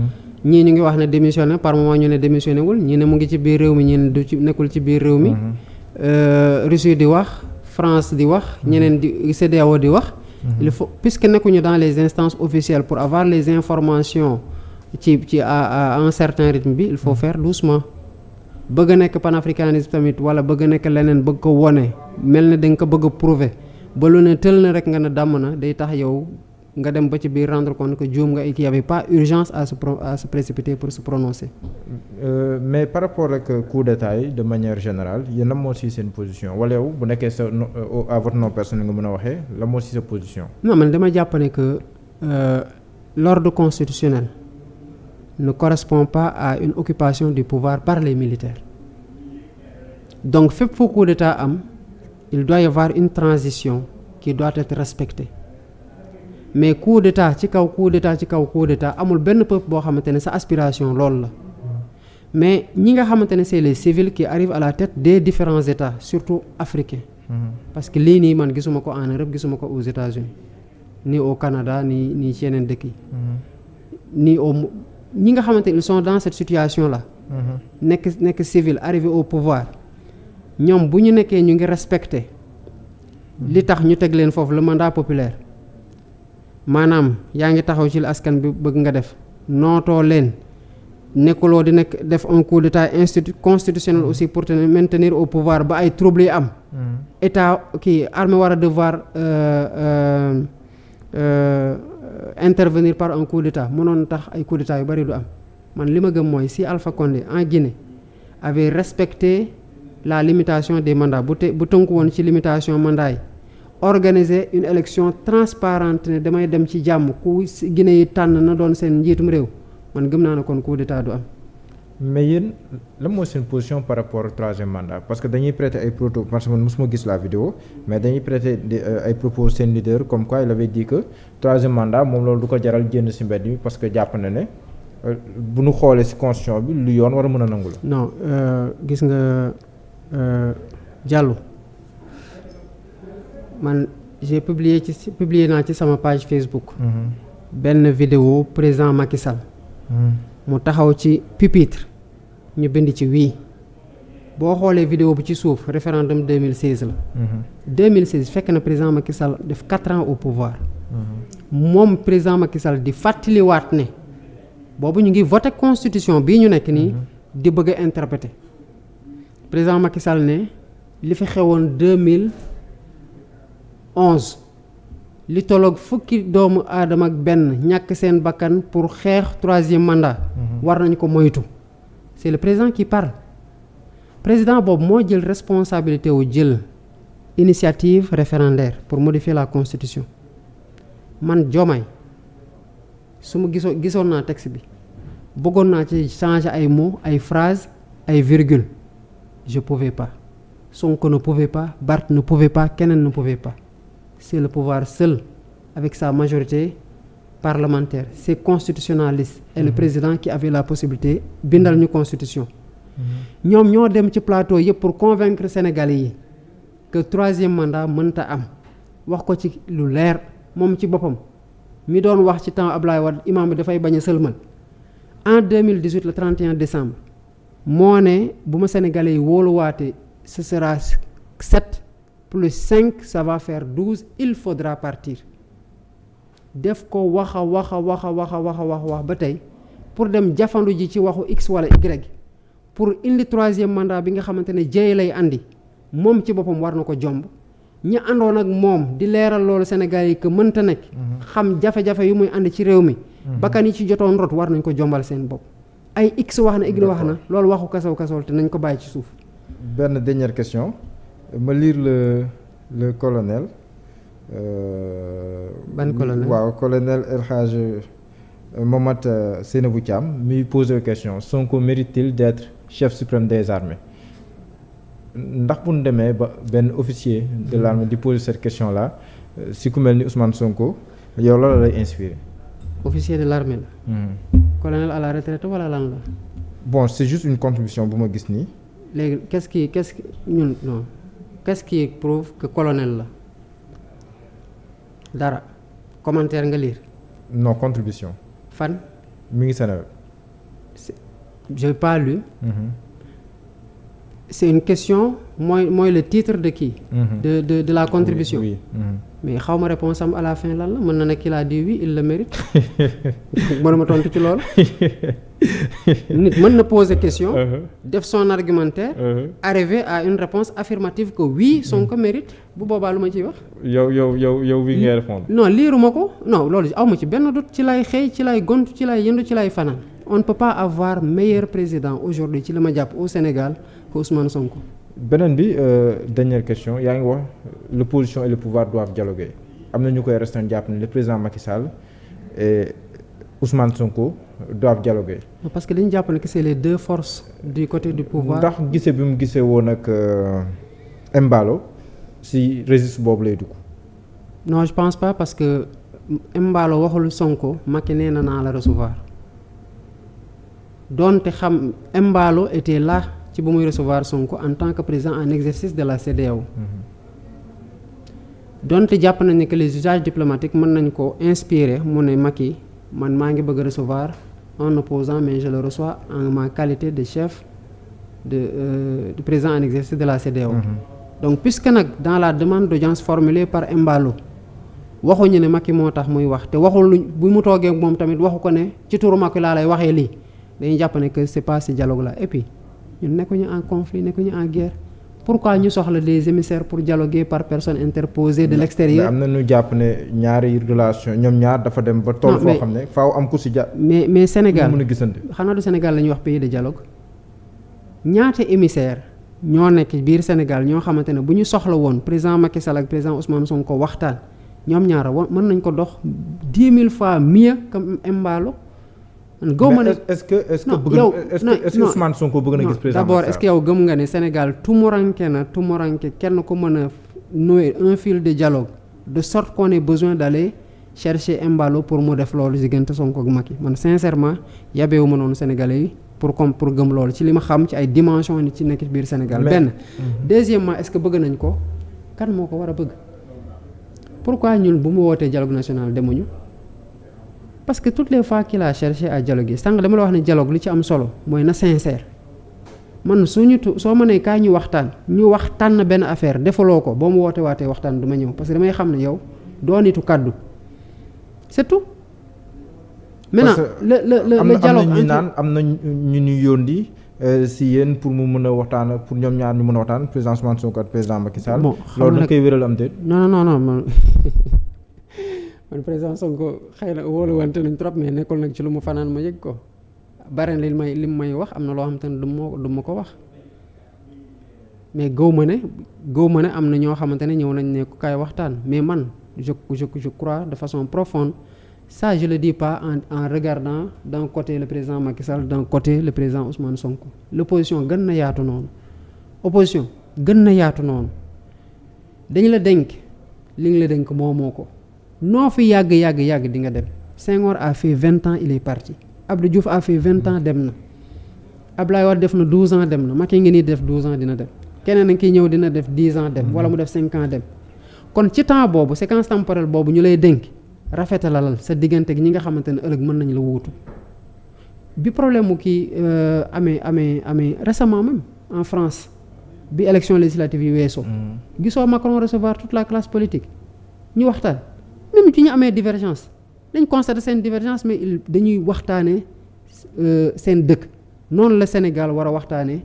ñii ñu ngi wax ne démissionné par moment ñu ne démissionné wul ñii ne mu ngi ci biir réew mi ñii ne du ci nekkul ci biir réew mi. Mhm. Euh, Russie di wax France di wax. ñeneen di CEDEAO di wax. il faut puisque nekkuñu dans les instances officielles pour avoir les informations ci ci à un certain bi il faut faire doucement bëgg a nekk panafricanisme tamit wala bëgg a nekk leneen bëgg ko wone mel na danga ko bëgg a prouver ba lu ne tël na rek nga ne dàmm na day tax yow nga dem ba ci biir rendre compte que juum nga it y avait pas urgence à se à se précipiter pour se prononcer. Euh, mais par rapport ak coup d'état yi de manière générale yéen a moo si seen position wala yow bu nekkee sa euh, à votre nom personnel nga mën a waxee la moo si sa position. non man dama jàpp que euh, l'ordre constitutionnel ne correspond pas à une occupation du pouvoir par les militaires donc fépp foo coup d'état am il doit avoir une transition qui doit être mais coup d'état ci kaw coup d'état ci kaw coup d'état amul benn peuple boo xamante ne sa aspiration loolu la mais ñi nga xamante ne c'est les civils qui arrivent à la tête des différents états surtout africains mhm. parce que lii nii man gisuma ko en Europe gisuma ko aux États-Unis ni au Canada ni nii ci yeneen dëkk yi mhm. ni au ñi nga xamante ils sont dans cette situation la mhm. nekk mm -hmm. nekk civil arrivé au pouvoir ñoom bu ñu nekkee ñu ngi respecté li tax ñu teg leen foofu le mandat populaire maanaam yaa ngi taxaw ci la askan bi bëgg nga def nootoo leen nekkuloo di nekk def un coup d'état institut constitutionnel aussi pour te maintenir au pouvoir ba ay trouble yi am. Mm. état kii armée war a devoir euh, euh, euh, intervenir par un coup d'état mënoon tax ay coup d'état yu bari du am man li ma gëm mooy si Alpha Condé en Guinée avait respecté la limitation des mandats bu te bu tënku woon ci limitation mandat yi organiser une élection transparente ne damay dem ci jàmm ku Guinée yi tànn na doon seen njiitum réew man gëm naa ne kon coup d'état du am. mais yéen la moo seen position par rapport au troisième mandat parce que dañuy prêter ay proto parce que man mosuma gis la vidéo mais dañuy prêter euh, ay propos seen comme quoi il avait dit que troisième mandat moom loolu du ko jaral génn si mbedd mi parce que jàpp na ne euh, bu ñu xoolee si constitution bi lu yoon war a mën a nangu la. non euh, gis nga Diallo. man j'ai publier ci publié naa ci sama page Facebook. Mhm. benn vidéo président Macky mhm. mu taxaw ci pupitre ñu bind ci wii boo xoolee vidéo bu ci suuf référendum 2016 la. 2016 mhm. fekk na président makisal def quatre ans au pouvoir. moom président Macky di fàttaliwaat ne boobu ñu ngi voté constitution bii ñu nekk nii. di bëgg a interpréter président Macky ne li fi xewoon 2000. onze li tolloog fukki doomu aadama ak benn ñàkk seen bakkan pour xeex troisième mandat. Mhm. war nañ ko moytu. c'est le président qui parle président boobu moo jël responsabilité wu jël initiative référendaire pour modifier la constitution man Diomaye su ma gisoo gisoon naa texte bi bëggoon naa ci changer ay mots ay phrases ay virgules je pouvais pas Sonko ne pouvait pas Barth ne pouvait pas keneen ne pouvait pas. c'est le pouvoir seul, avec sa majorité parlementaire. C'est constitutionnaliste. et le mm-hmm. président ki avait la possibilité bindal ñu constitution. Mm-hmm. ñoom ñoo dem ci plateau yëpp pour convaincre Sénégalais yi que troisième mandat mënta am wax ko ci lu leer moom ci boppam mi doon wax ci temps Ablaye Wade imaam bi dafay bañ a sëlmal en 2018 le 31 décembre moo ne bu ma Sénégalais yi wóoluwaate ce sera plus 5 ça va faire 12 il partir def ko wax a wax a wax a wax a wax a ba tey pour dem jafandu ji ci waxu x wala y pour indi troisième mandat bi nga xamante ne jëye lay andi moom ci boppam war na ko jomb ñi àndoon ak moom di leeral loolu Sénégal yi que mënta nekk. Mhm. xam jafe-jafe yu muy ànd ci réew mi. Mhm. bakkan yi ci jotoon rot war nañ ko jombal seen bopp. ay x wax na y wax na loolu waxu kasaw kasaw te nañ ko bàyyi ci suuf. benn dernière question. ma lire le le colonel. Euh, waaw colonel El Hadj euh, Momat euh, Sénébou Thiam muy poser question Sonko mérite-t-il d'être chef suprême des armées ndax bu ñu demee ba benn officier de hmm. l'armée di poser cette question là si ku mel ni Ousmane Sonko yow la la lay inspiré. officier de l'armée la. Hmm. colonel à la retraite wala lan la. bon c'est juste une contribution bu ma gis nii. léegi kes ki kes quest ñun non. qu'est-ce qui colonel la dara commentaire nga lire. non contribution. fan. mi ngi Seneweb. j'ai pas mm-hmm. c'est une question mooy mooy le titre de qui. Mm-hmm. de de de la contribution. Mm-hmm. mais xaw ma réponse am à lan la mën na ne kii laa di oui il le mérite mënuma tontu ci loolu. nit mën na poser question. Uh-huh. def son argumentaire. Uh-huh. arriver à une réponse affirmative que oui Sonko uh-huh. mérite bu boobaa lu ma ciy wax. yow yow yow yow bii ngay répondre. non liiruma ko non loolu aw ma ci benn doute ci lay xëy ci lay gont ci lay yëndu ci lay fanaan. on ne peut pas avoir meilleur président aujourd'hui ci li ma jàpp au Sénégal que Ousmane Sonko. beneen bi euh, dernière question yaa ngi wax l'opposition et le pouvoir doivent dialoguer am na ñu koy restant jàpp ne le président Ousmane Sonko doivent dialoguer. parce que dañu jàpp ne que c'est les deux forces du côté du pouvoir. ndax gisee bi mu gisee woon ak Embalo euh, si registre boobu lay dugg. non je pense pas parce que Embalo waxul Sonko Macky nee na naa la recevoir doonte xam Embalo était là ci bu muy recevoir Sonko en tant que président en exercice de la CEDEAO. Mhm. doonte jàpp nañ ne que les usages diplomatiques mën nañ ko inspirer mu ne yi man maa ngi bëgg recevoir un opposant mais je le reçois en ma qualité de chef de euh, de président en exercice de la CEDEAO. Mm -hmm. donc puisque nag dans la demande d'audience formulée par Embalo waxuñu ne Macky moo tax muy wax te waxul luñ bu mu toogee moom tamit waxu ko ne ci turu Macky laa lay waxee lii dañuy jàpp ne que c'est pas ce dialogue là et puis ñun nekkuñu en conflit nekkuñu en guerre. pour pourquoi ñu soxla des émissaires pour dialoguer par personne interposée de l'extérieur am na ñu jàpp ne ñaari relation ñoom ñaar dafa dem ba toll foo xam ne faaw am ku si ja mais mais Sénégal mën a gisante xanaa du Sénégal la ñuy wax pays de dialogue ñaata émissaire ñoo nekk biir Sénégal ñoo xamante ne bu ñu soxla woon président Macky Sall ak président Ousmane ko waxtaan ñoom ñaara woon mën nañ ko dox dix mille fois mieux que Embalo man gëw ma ne est-ce que est-ce que bëgg yow est-ce que Ousmane Sonko bëgg na gis président d'abord gëm nga ne Sénégal tumuranke na tumuranke kenn ko mën a nouer un fil de dialogue de sorte qu'on ait besoin d'aller chercher Embalo pour mu def loolu diggante Sonko mag Macky man sincèrement yabeewu ma noonu Sénégalais yi pour comme pour gëm loolu ci lima xam ci ay dimension ni ci nekk biir Sénégal benn mhm. deuxièmement est-ce que bëgg nañ ko kan moo ko war a bëgg pourquoi ñun bu mu wootee dialogue national demuñu parce que toutes les fois qu'il a cherché à dialoguer sànq dama la wax ne dialogue li ci am solo mooy na sincère man suñu soo mënee kaa ñu waxtaan ñu waxtaan benn affaire defaloo ko boo mu woote waatee waxtaan du ma ñëw parce que damay xam ne yow doo nitu kàddu c'est tout. maintenant la le le le dialogue am na ñu naan am na ñu ñu yóndi euh, si yéen pour mu mën a waxtaan pour ñoom ñaar ñu mën a waxtaan président Ousmane Sonko président Macky Sall. bon xam nga loolu dañ koy wéral am déet. non non non man président Sonko xëy na wóoluwante nañ trop mais nekkul nag ci lu mu fanaan ma yëg ko bare li may li may wax am na loo xam ne lu ma du ma ko wax mais gëw ma ne gëw ma ne am na ñoo xamante ne ñëw nañ ne ku kaay waxtaan mais man je je je crois de façon profonde ça je le dis pas en en regardant d'un côté le président Macky Sall d'un côté le président Ousmane Sonko l'opposition gën na yaatu noonu opposition gën na yaatu noonu dañ la dénk li nga la dénk moomoo ko. noo fi yàgg yàgg yàgg di nga dem Senghor a fait vingt ans il est parti Abdou Diouf a fait vingt ans dem na Ablaye Wade def na douze ans dem na Macky ngi nii def douze ans dina dem keneen a ki ñëw dina def dix ans dem wala mu def cinq ans dem kon ci temps boobu séquence temporelle boobu ñu lay dénk rafetalal sa diggante gi ñi nga xamante ne ëllëg mën nañu la wuutu bi problème mu kii euh, amee amee amee récemment même en France bi élection législative yi weesoo. Mm. gisoo Macron politique ñu waxtaan. même ci ñu amee divergence dañ constaté seen divergence mais il dañuy waxtaane euh, seen dëkk noonu la Sénégal war a waxtaanee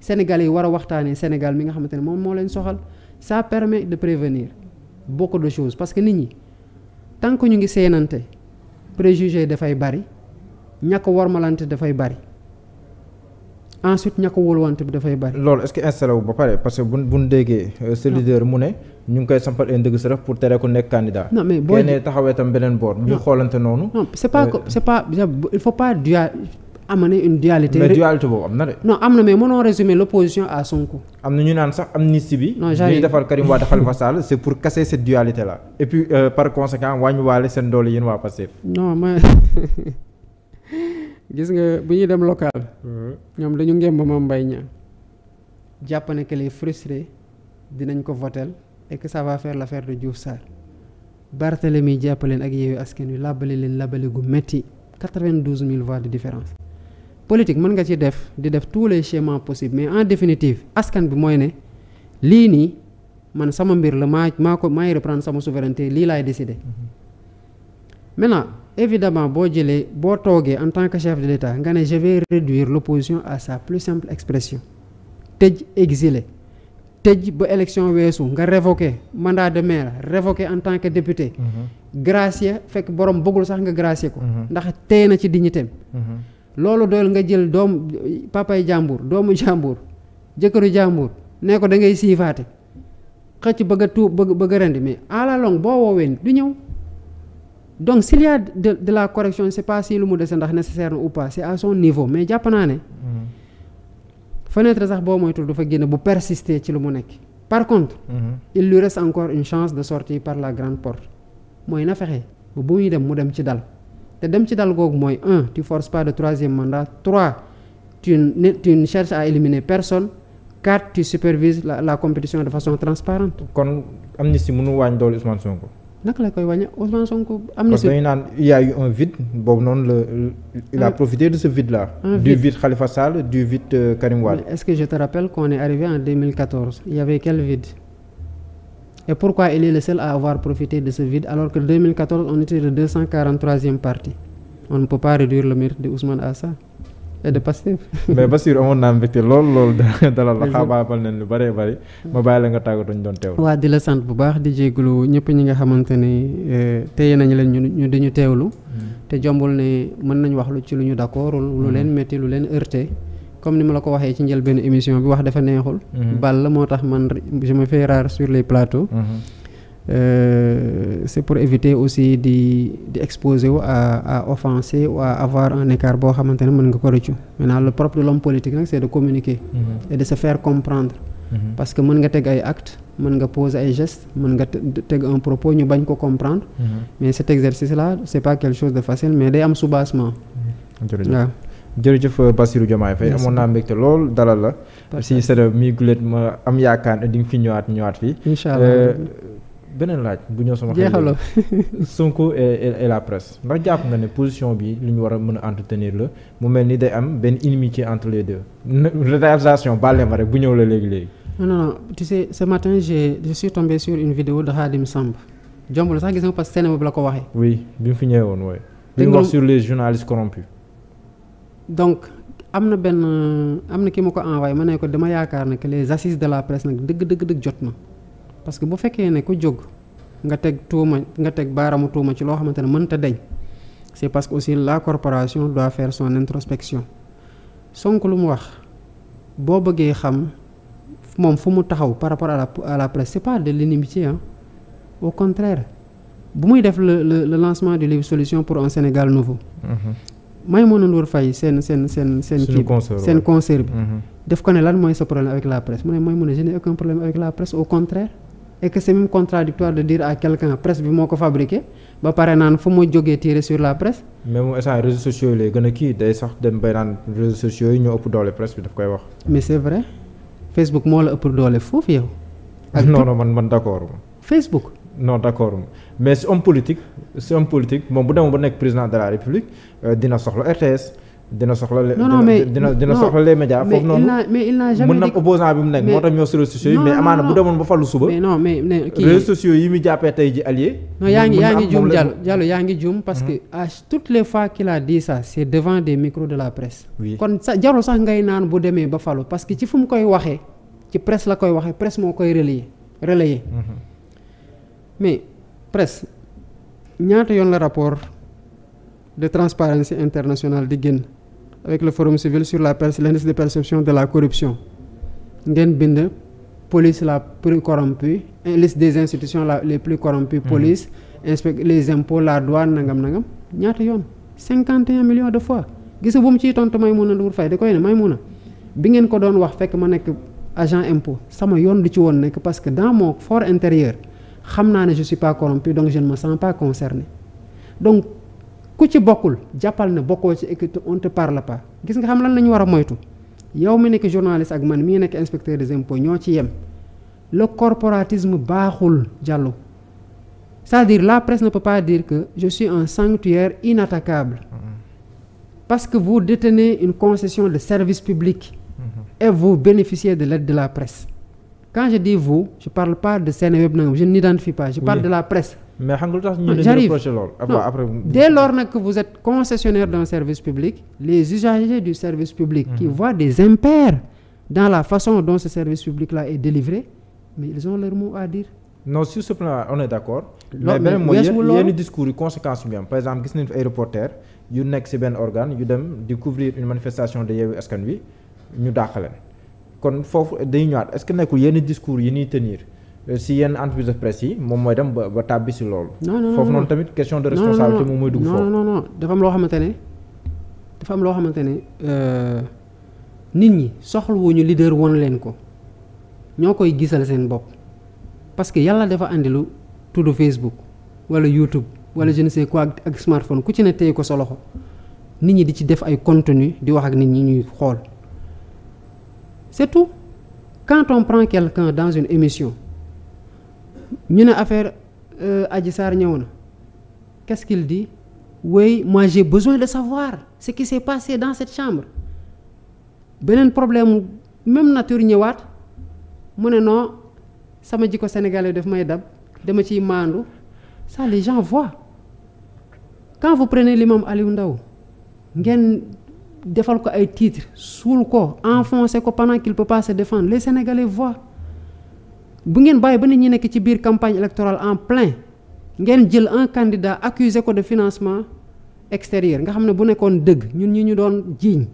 Sénégalais yi war a waxtaanee Sénégal mi nga xamante ne moom moo leen soxal ça permet de prévenir beaucoup de choses parce que nit ñi tant que ñu ngi seenante préjugé dafay bari ñàkk warmalante dafay bari ensuite ña ko wóoluwante bi dafay bari. loolu est-ce que installé wu ba pare parce que buñ buñ déggee. Euh, sa leader mu ne ñu ngi koy sampal ay ndëgg sa ref pour tere ku nekk candidat. non mais boo génnee taxawee tam beneen boor. ñu xoolante noonu. non c'est pas euh, c'est pas il faut pas dual amener boobu am na de. non am na mais mënoo résumer l'opposition à Sonko. am na ñu naan sax amnistie bi. non j' ñuy defar Karim Wade Khalifa Sall c'est pour casser cette dualité là. et puis euh, par conséquent wàññiwaale seen doole yéen waa Pastef. non mais. gis nga bu ñuy dem local. ñoom dañu ngemb Mame mbay Niang. jàpp ne que les frustrés dinañ ko votel et que ça va faire l'affaire de Diouf Sarr Barthélemy jàppaleen ak Yewwi Askan Wi làbbali leen làbbali gu métti 92000 voix de différence politique mën nga ci def di def tous les schémas possibles mais en définitive askan bi mooy ne lii nii man sama mbir la maa maa ko maay reprendre sama souveraineté lii laay décider maintenant évidemment boo jëlee boo toogee en tant que chef de l'État nga ne je vais réduire l'opposition à sa plus simple expression tëj exilé tëj ba élection weesu nga révoqué mandat de maire révoqué en tant que député mm-hmm. gracier fekk borom bëggul sax nga gracier ko mm-hmm. ndax téye na ci dignité am mm-hmm. loolu dool nga jël doom papay jàmbur doomu jàmbur jëkkëru jàmbur ne ko dangay ngay siifaate xëcc bëgg a tuub bëgg bëgg mais à boo woowee du ñëw donc s'il y a de de la correction c'est pas lu mu dese ndax nécessaire na ou pas c'est à son niveau mais jàpp naa ne. Mhm. fenêtre sax boo moytul du fa génn bu persister ci lu mu nekk. par contre. Mhm. il lui reste encore une chance de sorti par la grande porte mooy na fexe bu muy dem mu dem ci dal te dem ci dal googu mooy un tu forces par de troisième mandat trois tu ne tu ne cherches à éliminer personne. quatre tu supervises la la compétition de façon transparente kon amnistie mënu wàññi doole Ousmane Sonko. nak la koy wàññi Ousmane Sonko am na si. parce que dañu naan il y a eu un vide boobu noonu la il a profité de ce vide là. du vide Khalifa Sall du vide euh, Karim est-ce que je te rappelle qu'on est arrivé en 2014 il y avait quel vide. et pourquoi il est le seul à avoir profité de ce vide alors que 2014 on était le 243e parti on ne peut pas réduire le mérite de Ousmane à et eh, de Pastef. mais Bassirou amoon naa mbégte lool lool dalal la xaabaabal nañ lu bëree bëri ma bàyyi la nga tàggatoo ñu doon teewlu. waa di la sant bu baax di jégalu ñëpp ñi nga xamante ne eh, nañu leen ñu di ñu teewlu. Hmm. te jombul ne mën nañu wax lu ci lu ñu d'accord lu hmm. leen métti lu leen heurté. comme ni ma la ko waxee ci njëlbeen émission bi wax dafa neexul. Hmm. bal la moo tax man je me fais rare sur Euh, c'est pour éviter aussi di di exposer wu à à offenser ou à avoir un écart boo xamante ne mën nga ko rëccu maintenant le propre de l'homme politique nag c'est de communiquer mhm. et de se faire comprendre mhm. parce que mën nga teg ay actes mën nga poser ay gestes mën nga teg un propos ñu bañ ko comprendre mhm. mais cet exercice là c'est pas quelque chose de facile mais day am soubassement waaw jërëjëf euh, Bassirou Diomaye Faye amoon naa mbégte lool dalal la si sera mi gulet ma am yaakaar di fi ñëwaat ñëwaat beneen laaj bu ñëw sama la Sonko et la presse ndax jàpp nga ne position bi lu ñu war a mën a entretenir la mu mel ni day am benn inimitié entre les deux réalisation bàlle ma rek bu ñëw la léegi léegi non non tu sais ce matin j'ai je suis tombé sur une vidéo de Khadim Samb jombul sax gis nga parce que seen bi la ko waxee oui bi mu fi ñëwee woon wooy li mu wax sur les journalistes corrompus donc am na benn am na ki ma ko envoyé ma ne ko dama yaakaar ne que les de la presse nag dëgg dëgg dëgg jot na parce que bu fekkee ne ku jóg nga teg tuuma nga teg baaramu tuuma ci loo xamante ne mënta deñ c'est parce que aussi la corporation doit faire son introspection Sonko lu mu wax boo bëggee xam moom fu mu taxaw par rapport à la à c'est pas de l'inimitié hein au contraire bu muy def le le lancement du livre solution pour un Sénégal nouveau mm-hmm. Maïmouna Ndour Faye seen seen seen seen seen concert bi mm-hmm. def ko ne lan mooy sa problème avec la presse mu ne Maïmouna je n'ai aucun problème avec et que c'est même contradictoire de dire à quelqu'un presse bi moo ko fabriqué ba pare naan fu ma jógee tirer sur la presse. mais moom instant réseaux sociaux yi lay gën a kii day sax dem bay naan réseaux sociaux yi ñoo ëpp doole presse bi daf koy wax. mais c'est vrai Facebook moo la ëpp doole foofu yow. ak non non man man d'accord. Facebook. non d'accord mais si homme politique si homme politique moom bu demoon ba nekk président de la République euh, dina soxla RTS. dina soxla les dina dina les médias foofu noonu mais il n'a jamais mën na opposant bi mu nekk moo tax ñoo si réseaux sociaux yi mais jàppee tey ji allié non yaa ngi yaa ngi juum Diallo yaa ngi juum parce que à toutes les fois qu'il a dit c'est devant des micros de la presse kon sa jarul sax ngay naan bu demee ba falu parce que ci fu mu koy waxee ci presse la koy waxee presse moo koy relayer relayer mais presse ñaata yoon la rapport de Transparency International di génn avec le forum civil sur la l'indice de perception de ngeen bind police la plus corrompue liste des institutions la les plus corrompues mhm. police inspect les impôts la douane nangam nangam ñaata yoon cinquante et million de fois gis nga bu mu ciy tontu Maïmouna Ndour Faye da koy ne a bi ngeen ko doon wax fekk ma nekk agent impôt sama yoon lu ci woon nekk parce que dans mon fort intérieur xam naa ne je suis pas corrompu donc je ne me sens pas concerné donc ku ci bokkul jàppal na bokkoo ci équipe on te parle pas gis nga xam lan la ñu war moytu yow mi nekk journaliste ak man mii nekk inspecteur des impôts ñoo ci yem le corporatisme baaxul jàllu c'est-à-dire la presse ne peut pas dire que je suis un sanctuaire inattaquable mm-hmm. parce que vous détenez une concession de service public mm-hmm. et vous bénéficiez de l'aide de la presse quand je dis vous je parle pas de Seneweb nangam je n'identifie pas je parle de la presse mais xam nga lu tax ñu leen lool loolu ah, après dès lors nag que vous êtes concessionnaire d'un service public les usagers du service public qui mhm. voient des impairs dans la façon dont service public là est délivré mais ils ont leur mot à dire non sur ce plan on est d'accord mais beneen mooy yenn discours yi conséquence bi par exemple gis nañu fi ay yu nekk ci benn organe yu dem di couvrir une manifestation de Yewwi Askan Wi ñu dàq leen kon foofu dañu ñëwaat est-ce que nekkul yenn discours yi ñuy tenir si yenn entreprise de presse yi moom mooy dem ba ba tàbbi si loolu. non non foofu noonu tamit question de responsabilité moom mooy dugg foofu. non non non dafa am loo xamante ne dafa am loo xamante ne euh, nit ñi soxlawuñu leader won leen ko ñoo koy gisal seen bopp parce que yàlla dafa andi lu tudd Facebook wala YouTube wala je ne sais quoi ak smartphone ku ci ne téye ko sa loxo nit ñi di ci def ay contenu di wax ak nit ñi ñuy xool c'est tout quand on prend quelqu'un dans une émission. ñu ne affaire euh, Adji Sarr ñëw na quest di qu'il dit moi j'ai besoin de savoir ce qui dans cette chambre beneen problème même nature ñëwaat mu ne non sama jikko sénégalais def may dab dama ciy maandu ça les gens voient quand vous prenez l'imam Aliou Ndao ngeen defal ko ay titres suul ko enfoncé ko pendant qu'il peut pas se défendre les sénégalais voient bu ngeen bàyyi ba nit ñi nekk ci biir campagne électorale en plein ngeen jël un candidat accusé ko de financement extérieur nga xam ne bu nekkoon dëgg ñun ñi ñu doon jiiñ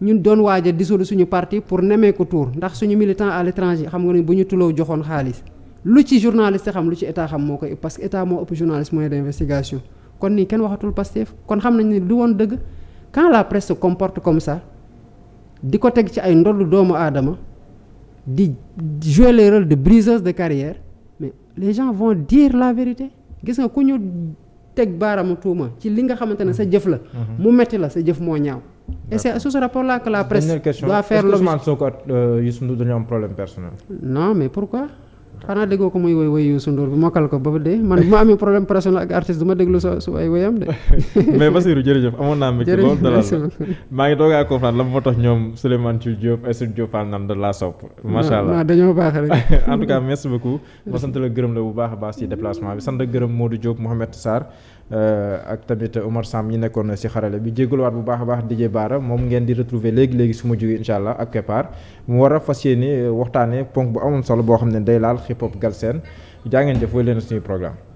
ñun doon waaj di dissoudre suñu parti pour nemee ko tour ndax suñu militant à l'étranger xam nga ne bu ñu tuloo joxoon xaalis lu ci journaliste xam lu ci état xam moo koy parce que état moo ëpp journaliste moyen d'investigation kon nii kenn waxatul Pastef kon xam nañ ne du woon dëgg quand la presse se comme ça di ko teg ci ay ndollu doomu aadama di jouer le rôle de briseuse de carrière mais les gens vont dire la vérité gis nga ku ñu teg baaramu tuuma ci li nga xamante ne sa jëf la. Mhm. mu metti la sa jëf moo ñaaw. et c'est sous ce rapport là que la presse. doit faire l'objet est-ce que Ousmane Sonko ak euh, Youssou am problème personnel. non mais pourquoi. xanaa déggoo ko muy woy woy Youssou Ndour bi mokkal ko ba dee man bu ma amee problème personnel ak artiste du ma déglu sa su ay woyam de. mais Basirou jërëjëf amoon naa mbégte maa ngi doog a comprendre la moo tax ñoom Souleymane Thiou Diop et Sidi Diop da laa sopp macha allah dañoo baax rek en tout cas merci beaucoup ma sant la gërëm la bu baax a baax ci déplacement bi sant gërëm moo du Diop Mouhamed Sarr Euh, ak tamit Omar Sam ñi nekkoon si xarale bi jégaluwaat bu baax a baax DJ Bara moom ngeen di retrouver léegi léegi su ma jógee incha ak Keppaar mu war a fas yéene waxtaanee ponk bu amul solo boo xam ne day laal hip hop galsen jaa ngeen jëf wële na suñuy programme.